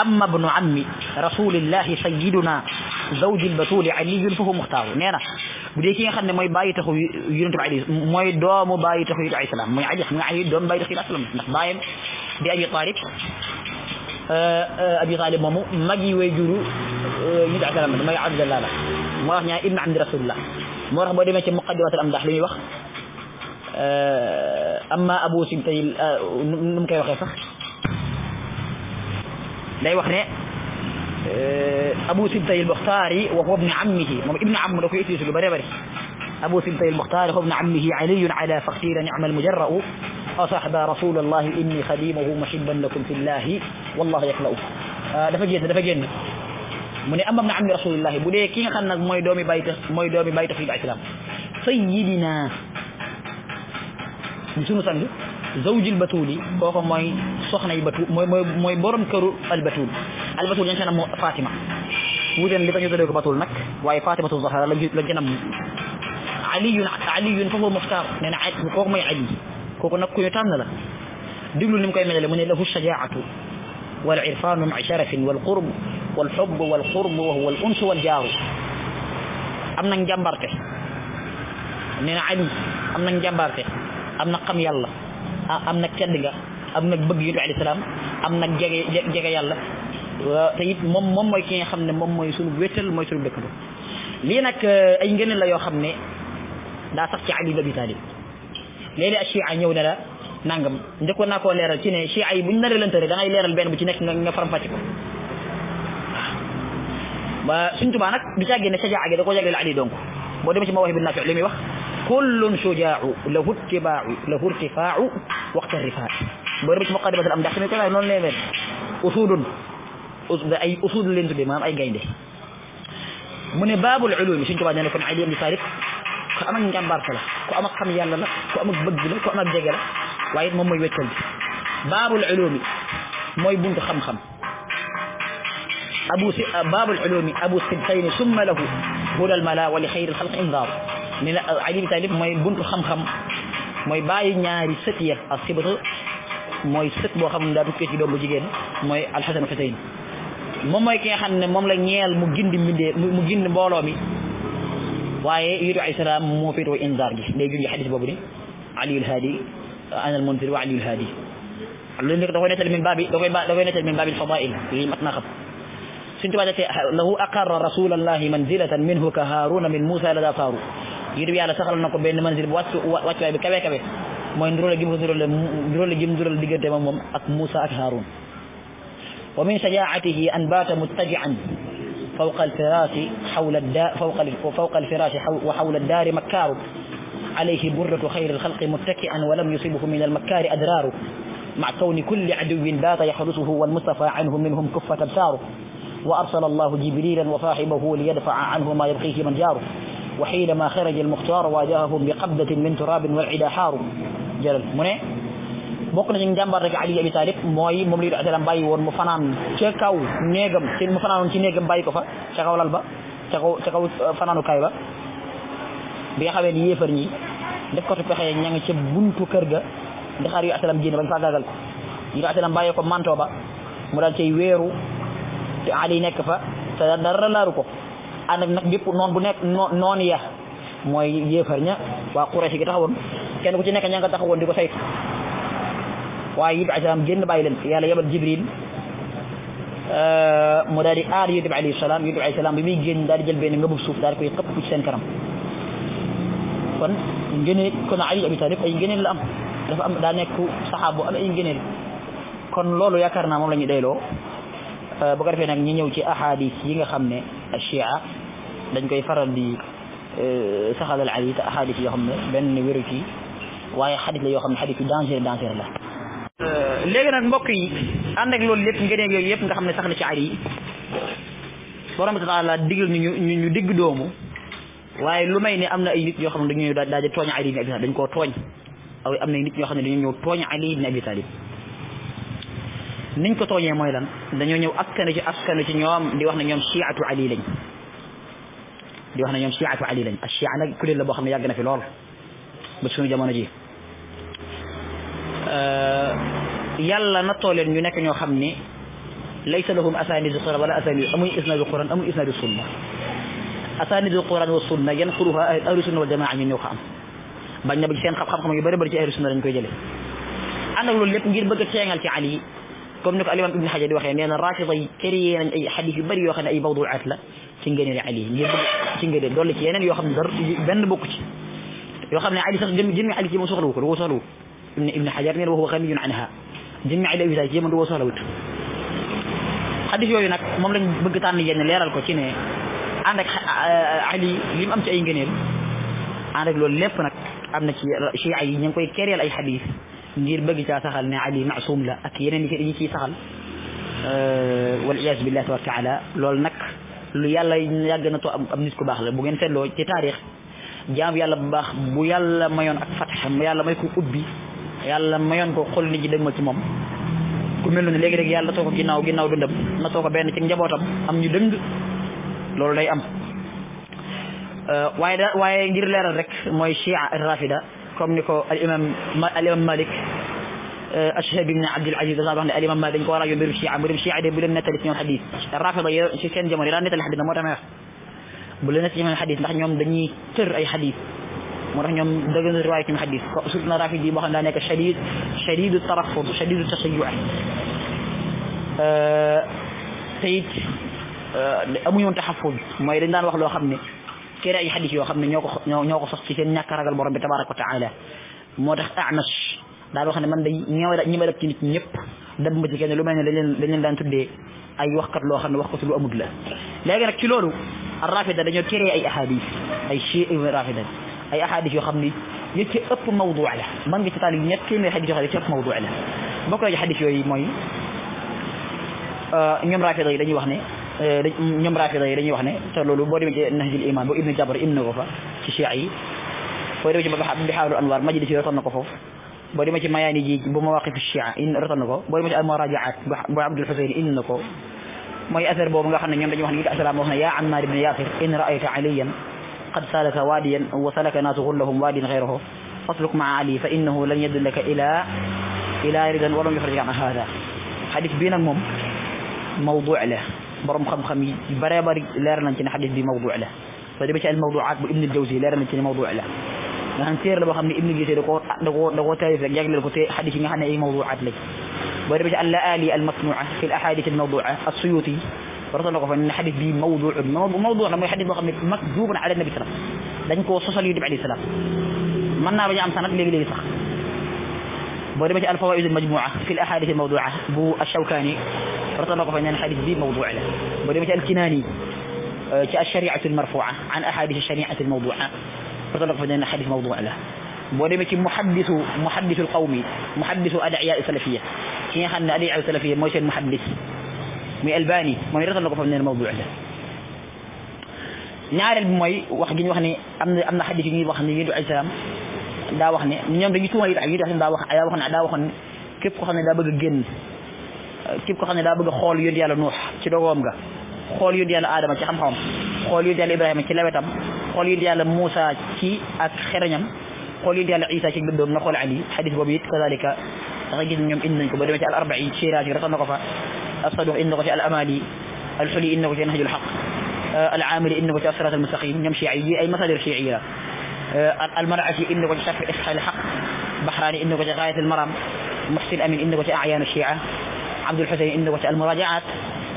Speaker 1: أما ابن عمي رسول الله سيدنا زوج البتول علي فهو مختار نينا نعم. بدي كي خن ماي باي تخو يونتو علي ماي دوم باي تخو يونتو علي سلام ماي علي ماي علي دوم باي تخو سلام نعم. باي دي أبي طالب آه، آه، أبي طالب مامو مجي ويجرو آه، يدع سلام ماي عبد الله لا ما هنا ابن عند رسول الله ما راح بدي ماشي مقدمة الأمدح لي وقت أما أبو سيمتي نمكي وخيصة day wax ne Abu Sibtay al-Bukhari wa huwa ibn ammihi moom ibn am da koy utilisé lu bari bari أبو سبتي المختار هو ابن عمه علي على فقير نعم المجرأ أصحب رسول الله إني خديمه محبا لكم في الله والله يخلقه dafa génn dafa génn mu ne am am na am rasulillahi bu dee ki nga xam nag mooy doomi bayta mooy doomi bayta fi islam sayyidina di sunu sang زوج البتول كوكو موي سخناي بتول موي موي بوروم كرو البتول البتول نيان يعني مو فاطمه مودن لي فاني تودو بتول نك واي فاطمه الزهراء لا جنم علي علي فهو مختار نين يعني عاد كوكو موي علي كوكو نك كيو تان لا ديغلو نيم كاي ميلالي موني له الشجاعه والعرفان مع شرف والقرب والحب والقرب وهو الانس والجار امنا جامبارتي نين علي امنا جامبارتي امنا قم يالله am nag tedd ga am nag bëgg yonent bi alayhi salaam am nag jege jege yàlla te it moom moom mooy ki nga xam ne moom mooy suñu wéttal mooy suñu dëkk ba lii nag ay ngëneel la yoo xam ne daa sax ci Ali ibn Abi Talib léeg-léeg ak chia ñëw ne la nangam njëkkoon naa koo leeral ci ne chia yi buñ naree lante rek da ngay leeral benn bu ci nekk nga nga faram-fàcce ko waaw suñ tubaa nag du càggee ne sajaa gi da ko jagleel Ali donc boo demee ci ma wax bi naa fi li muy wax كل شجاع له اتباع له ارتفاع وقت الرفاع بربك مقدمة الأمدح سنة كلا نون نيمين أسود أي أسود لين تبي مام أي قايدة من باب العلوم شين كبا جانا يعني كون عليهم بصارف كأما نجام بارسلا كأما قم يالا كأما بجلا كأما بجلا وايد مم يوكل باب العلوم موي بنت خم خم أبو س... باب العلوم أبو سبتين ثم له هدى الملا ولخير الخلق انذار ni la ali bi talib mooy buntu xam-xam mooy bàyyi ñaari sët ya ak xibatu mooy sët boo xam ne daa tukkee ci doom bu jigéen mooy alxasan xuseyn moom mooy ki nga xam ne moom la ñeel mu gindi mbindee mu gindi mbooloo mi waaye yudu ay salaam moo féetoo inzaar gi day junj xadis boobu ni aliyul haadi ana al munzir wa aliyul haadi loolu nag da koy nettali min baabi da koy da koy nettali min baabi alfadail lii mat naa xam suñ tubaab lahu aqarra rasulallahi manzilatan minhu ka haaruna min muusa lada saaru ngir yàlla saxal na ko manzil bu wàccu bi kawe kawe mooy nduróole gim ko nduróole nduróole gim nduróole diggante ma moom ak Moussa ak Haroun wa min shajaa'atihi an muttaji'an فوق الفراش حول الدار فوق فوق الفراش وحول الدار مكار عليه برة خير الخلق متكئا ولم يصيبه من المكار أدرار مع كون كل عدو بات يحرسه والمصطفى عنه منهم كفة أبصاره وأرسل الله جبريلا وصاحبه ليدفع عنه ما يبقيه من جاره وحينما خرج المختار واجههم بقبضة من تراب والعدا حار جلال مني بوكنا جن جنب رك علي أبي طالب موي مملي رأسلام باي ور مفنان شكاو نيجم تين مفنان تين نيجم باي كفا شكاو لالبا شكاو شكاو فنانو كايبا بيا خبي لي يفرني دك كتب خي نيجي شب بنتو كرجا دخاري أسلام جين بن فاجعل يرى أسلام باي كم مان توبا مراد شيء ويرو علي نكفا تدرر لا ركوف anak nak bipu non bunek non ya moy yéefar ña waa Quraysh gi taxawon kenn ku ci nek ñanga taxawon diko di wa yib ajam genn alayhi salaam génn bàyyi leen Jibril euh, mu daal di aar Yusuf alayhi salam Yusuf salam bi mi genn daal jël ben ngëbu suuf daal koy xëpp ci sen karam kon ngëneel kon Ali Abi Talib ay ngëneel la am dafa am da nek sahabo am ay ngëneel kon lolu yakarna mom lañu deylo euh bu ko defé nak ñi ñew ci ahadith yi nga xamne achia dañ koy faral di euh, saxalal ay xadis yoo xam ne benn wéru ci waaye xadis la yoo xam ne xadis yu danger danger la euh, léegi nag mbokk yi ànd ak loolu lépp ngeneen yooyu yëpp nga xam ne sax na ci ari yi borom bi taala digal ñu ñu ñu digg doomu lu may ne am na ay nit xam ne dañu daal di tooñ ali ibn abi talib dañ koo tooñ am na nit ñoo xam ne dañu ñëw tooñ ali ibn abi talib niñ ko toñé moy lan dañu ñëw askanu ci askanu ci ñoom di wax na ñoom shiatu ali lañ di wax na ñoom shiatu ali lañ ash shia nak kuréel la bo xam yag na fi lool ba suñu jamono ji euh yàlla na leen ñu nek ñoo xam laysa lahum asanidu quran wala asanidu amuñ isnadu quran amuñ isnadu sunna asanidu quran wa sunna yanquruha ahlu sunna wal jamaa'a min yuqam bañ na bi seen xam-xam yu bari bari ci ahlu sunna lañ koy jëlé andak lool lépp ngir bëgg téngal ci ali comme ni ko alimam ibnu xajar di waxee nee na rafida yi créé nañ ay xadis yu bëri yoo xam ne ay mawduaat la ci ngëneel ali ngir ci ngëneel dolli ci yeneen yoo xam ne dara benn bokku ci yoo xam ne ali sax jëm jëmmi ali ci moom soxlawu ko lu ko soxlawu ibn ibn xajar nee na waxu xamiyun anha jëmmi ali abisa ci moom du ko soxlawut xadis yooyu nag moom lañ bëgg tànn yenn leeral ko ci ne ànd ak ali li mu am ci ay ngëneel ànd ak loolu lépp nag am na ci chia yi ñu ngi koy kéréel ay xadis ندير باقي تاع سهل نعم، علي معصوم لا اكيد انا كي كي سهل أه والعياذ بالله تبارك وتعالى لول نك لو يالا يغنا تو ام نيت كو باخ بو ген تلو تي تاريخ جام يالا باخ بو يالا مايون اك فتح ما يالا ماي كو اوبي يالا مايون كو خول نيجي دمو تي موم كو ميلو ني ليغي ريك يالا توكو غيناو غيناو دوندم ما توكو بن تي نجابوتام ام ني دند لول داي ام أه، واي واي غير ليرال ريك موي شيعه الرافده comme ni ko al imam al imam malik ashhab ibn abd al aziz dafa wax ne al imam malik dañ ko war a yóbbu mbirum chia mbirum chia de bu leen nettali ci ñoom xadis rafida yi ci seen jamono daan nettali xadis moo tax may wax bu ndax ñom dañuy teur ay hadith mo tax ñom dëgg na riwaay ci xadis surtout na rafidi boo xam daa nek shadid shadid at-tarakhud shadid shadidu tashayyu te it amu ñu taxaful moy dañ daan wax lo xamne كرا اي حديث يو خامن نيوكو نيوكو سوخ سي سين نياك راغال بوروم بي تبارك وتعالى موتاخ اعمش دا لو خاني مان داي نيو دا نيما رب تي نيت نييب دب ما جيغي لو ماني لين لين دان تودي اي واخ كات لو خاني واخ كات لو امود لا لغي نك تي لولو الرافده دا نيو كيري اي احاديث اي شيء اي رافده اي احاديث يو خامني يتي اوب موضوع لا مان جي تالي نيت كي مي حديث خالي تي موضوع لا بوكو جي يوي موي ا رافده دا نيو ñom rafida yi dañuy wax ne te loolu boo demee ci nahjul iman bu ibnu jabr ibn na ko fa ci chia yi boo demee ci bi xaawlu anwar majlis yi rotoon na ko foofu boo demee ci mayani ji bu ma mawaqif shia in rotoon na ko boo demee ci al murajaat bu abdul husayn in na ko mooy affaire boobu nga xam ne ñoom dañuy wax ne asalaam wax ne yaa ammar ibn yasir in raayta aliyan qad salaka waadiyan wa salaka naasu xullahum waadiyan xeyrahu fasluk maa ali fa innahu lan yadullaka ila ila ridan walam yufrajika an hada xadis bii nag moom mawduu la برم خم خمي بريبر لارنا نتنا حديث بموضوع له فدي بشأن الموضوعات بابن الجوزي لارنا نتنا موضوع له نهنسير لبا خمي ابن الجوزي دقور دقور دقور تايف جاك للكتاب حديث نحن أي موضوعات له بدي بشأن الآلي المصنوعة في الأحاديث الموضوعة السيوطي برضه نقف إن حديث بموضوع موضوع موضوع لما يحدث بخمي مكذوب على النبي صلى الله عليه وسلم لكن هو صلى الله عليه من نرجع مسند ليه ليه صح بريمش الفوائد المجموعة في الأحاديث الموضوعة بو الشوكاني رتب قفنا الحديث بي موضوع له بريمش الكناني آه، كالشريعة المرفوعة عن أحاديث الشريعة الموضوعة رتب قفنا الحديث موضوع له بريمش محدث محدث القوم محدث أدعياء سلفية هي خلنا أدعياء سلفية موش المحدث مي ألباني ما يرتب قفنا الموضوع له نعرف المي وحجين وحني أم أم حديث جديد وحني يدعي سلام daa wax ne ñoom dañuy tuuma it ak ñu def ne daa wax daa wax ne daa waxoon képp ko xam ne daa bëgg a génn képp ko xam ne daa bëgg a xool yónni yàlla nuux ci dogoom ga xool yónni yàlla aadama ci xam-xamam xool yónni yàlla ibrahima ci lewetam xool yónni yàlla moussa ci ak xereñam xool yónni yàlla isa ci gëddoom na xool ali xadis boobu it kazalika danga gis ne ñoom indi nañ ko ba demee ci al arba'i shiraaj rek na ko fa الصدوق إنه في الأمالي الحلي إنه في نهج الحق العامل إنه في الصراط المستقيم نمشي شيعي أي مصادر شيعية آه، المرعشي انه وجه شرح اصحاح الحق بحراني انه وجه غايه المرام محسن امين انه وجه اعيان الشيعه عبد الحسين انه وجه المراجعات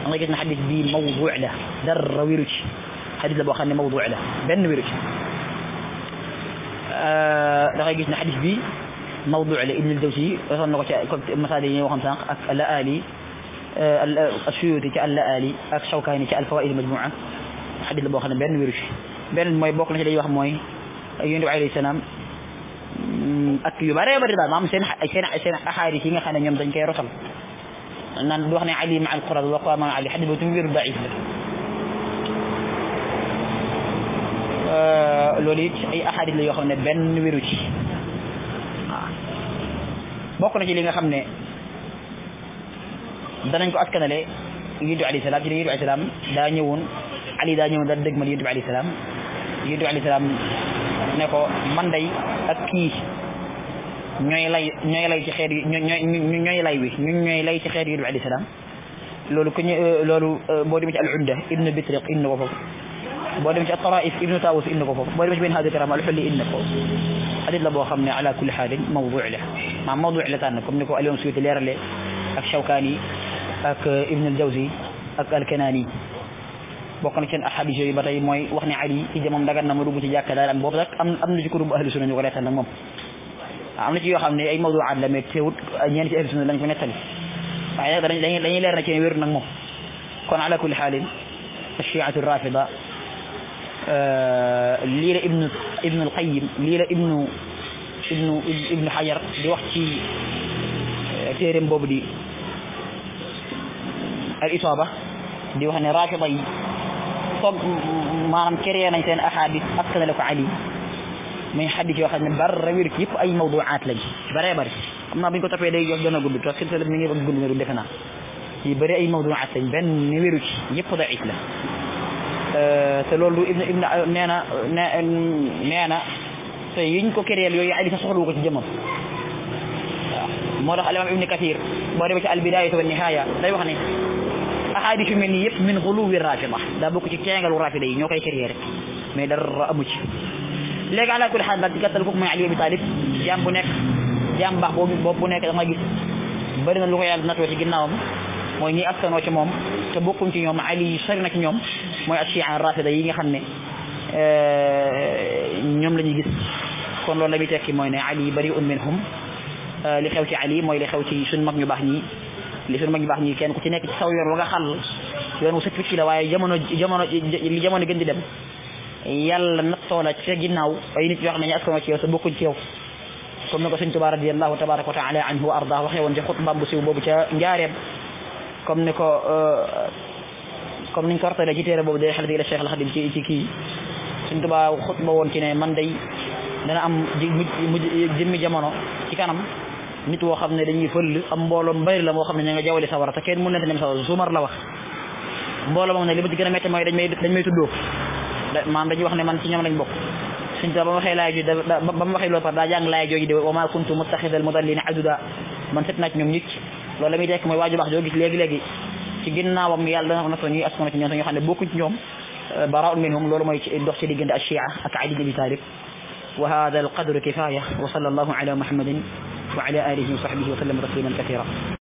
Speaker 1: انا قلت نحدد به موضوع له در ويرج حدد لبو خلني موضوع له بن ويرج أه لغاية قلت نحدث به موضوع لابن الدوسي وصلنا كنت مثالي وخمسة الآلي آه، السيوطي كالآلي أك شوكاني كالفوائد المجموعة حدد لبو خلني بن ويرج بين ما يبوك نحن ليه واحد موي yonent bi alayhi salaam ak yu bare bari daal maam seen seen seen axaaris yi nga xam ne ñoom dañ koy rotal naan du wax ne ali ma al quran wa qaama ma ali xadis ba tumu wéru daif la loolu it ay axaaris la yoo xam ne benn wéru ci waaw bokk na ci li nga xam ne danañ ko askanale yonent bi alayhi salaam ci ne yonent bi alayhi salaam daa ñëwoon ali daa ñëwoon daal dëgmal yonent bi alayhi salaam yonent bi alayhi salaam ne ko man day ak kii ñooy lay ñooy lay ci xeet yi ñooy ñooy lay wi ñun ñooy lay ci xeet yi alayhi salaam loolu ku ñu loolu boo demee ci al udda ibnu bitriq indi ko foofu boo demee ci al taraif ibnu tawus indi ko foofu boo demee ci benn hadith karam al xulli indi ko hadith la boo xam ne ala kulli xaalin mawdu la maam mawdu la tànn comme ni ko al-imam Suyuti leerale ak Shawkani ak ibnu al Jawzi ak al Kanani bokk na seen ahadis yooyu ba tey mooy wax ne ali ci jamoom dagan na ma dugg ci jàkka daal am boobu rek am am na ci kuréel bu ahlu sunna ñu ko reetal nag moom am na ci yoo xam ne ay mawduaat la mais teewut ñeen ci ahlu sunna lañ ko nettali waaye nag dañuy dañuy leer na ci wéru nag moom kon ala kulli xaalin achiatu rafida lii la ibnu ibnu alqayim lii la ibnu ibnu ibnu xajar di wax ci téeréem boobu di al isaba di wax ne rafida yi som maanaam créé nañ seen ahadis askanale ko ali muy xadis yoo xam ne bar rawir yëpp ay mawduaat lañ bëree bëri xam naa bu ñu ko toppee day jox doon a gudd te silsila mi ngi gudd ne du defe naa yi bëri ay mawduaat lañ benn ni wéru ci yëpp daif la te loolu ibn ibn nee na nee na te yiñ ko kéréel yooyu ali sax soxlawu ko ci jëmam waaw moo tax alimam ibn kathir boo demee ci al bidaya wa nihaaya day wax ne ahadith yu mel ni yëpp min xuluwi rafida daa bokk ci ceengalu rafida yi ñoo koy créer rek mais dara amu ci léegi ala kulli xaal daal di gàttal kooku mooy Ali Abi Talib jaam bu nekk jaam baax boobu boobu bu nekk da nga gis bëri na lu ko yàlla natoo ci ginnaawam mooy ñi askanoo ci moom te bokkuñ ci ñoom Ali sori na ci ñoom mooy ak chian rafida yi nga xam ne ñoom la ñuy gis kon loolu la muy tekki mooy ne Ali bari un minhum li xew ci Ali mooy li xew ci suñ mag ñu baax ñi li suñu mag ñu baax ñi kenn ku ci nekk ci saw yoon wa nga xàll yoon wu set picc waaye jamono jamono li jamono gën di dem yàlla nattoo la ca ginnaaw ay nit yoo xam ne ñu askanoo ci yow sa bokkuñ ci yow comme na ko sëñ Tuubaa radiyallahu tabaraka wa taala anhu wa arda waxee woon ca xutbaam bu siw boobu ca njaareem comme ne ko euh, comme niñ ko wartale ci téere boobu day xel di la Cheikh al Xadim ci ci kii sëñ Tuubaa xutba woon ci ne man day dana am jëmmi jamono ci kanam nit wo xamne dañuy feul am mbolom mbéyri la mo xamne nga jawali sawara te kenn mu na dem sawara sumar la wax mbolom moom ne li ma ci gën métti moy dañ may dañ may tuddo man dañuy wax ne man ci ñam lañ bok señ ta ba waxe waxee laay jooju ba ma waxe lo par da jàng laay joji de wa ma kuntu mutakhidhal mudallina aduda man set naa ñom nit ñicc lamuy tek moy waju mooy jo gis léegi-léegi ci ginnawam yàlla dana na ñuy askan ci ñoo xamne bokku ci ñom baraun minhum moy ci dox ci digende ak chia ak ali nabi talib وهذا القدر كفاية وصلى الله على محمد وعلى آله وصحبه وسلم تسليما كثيرا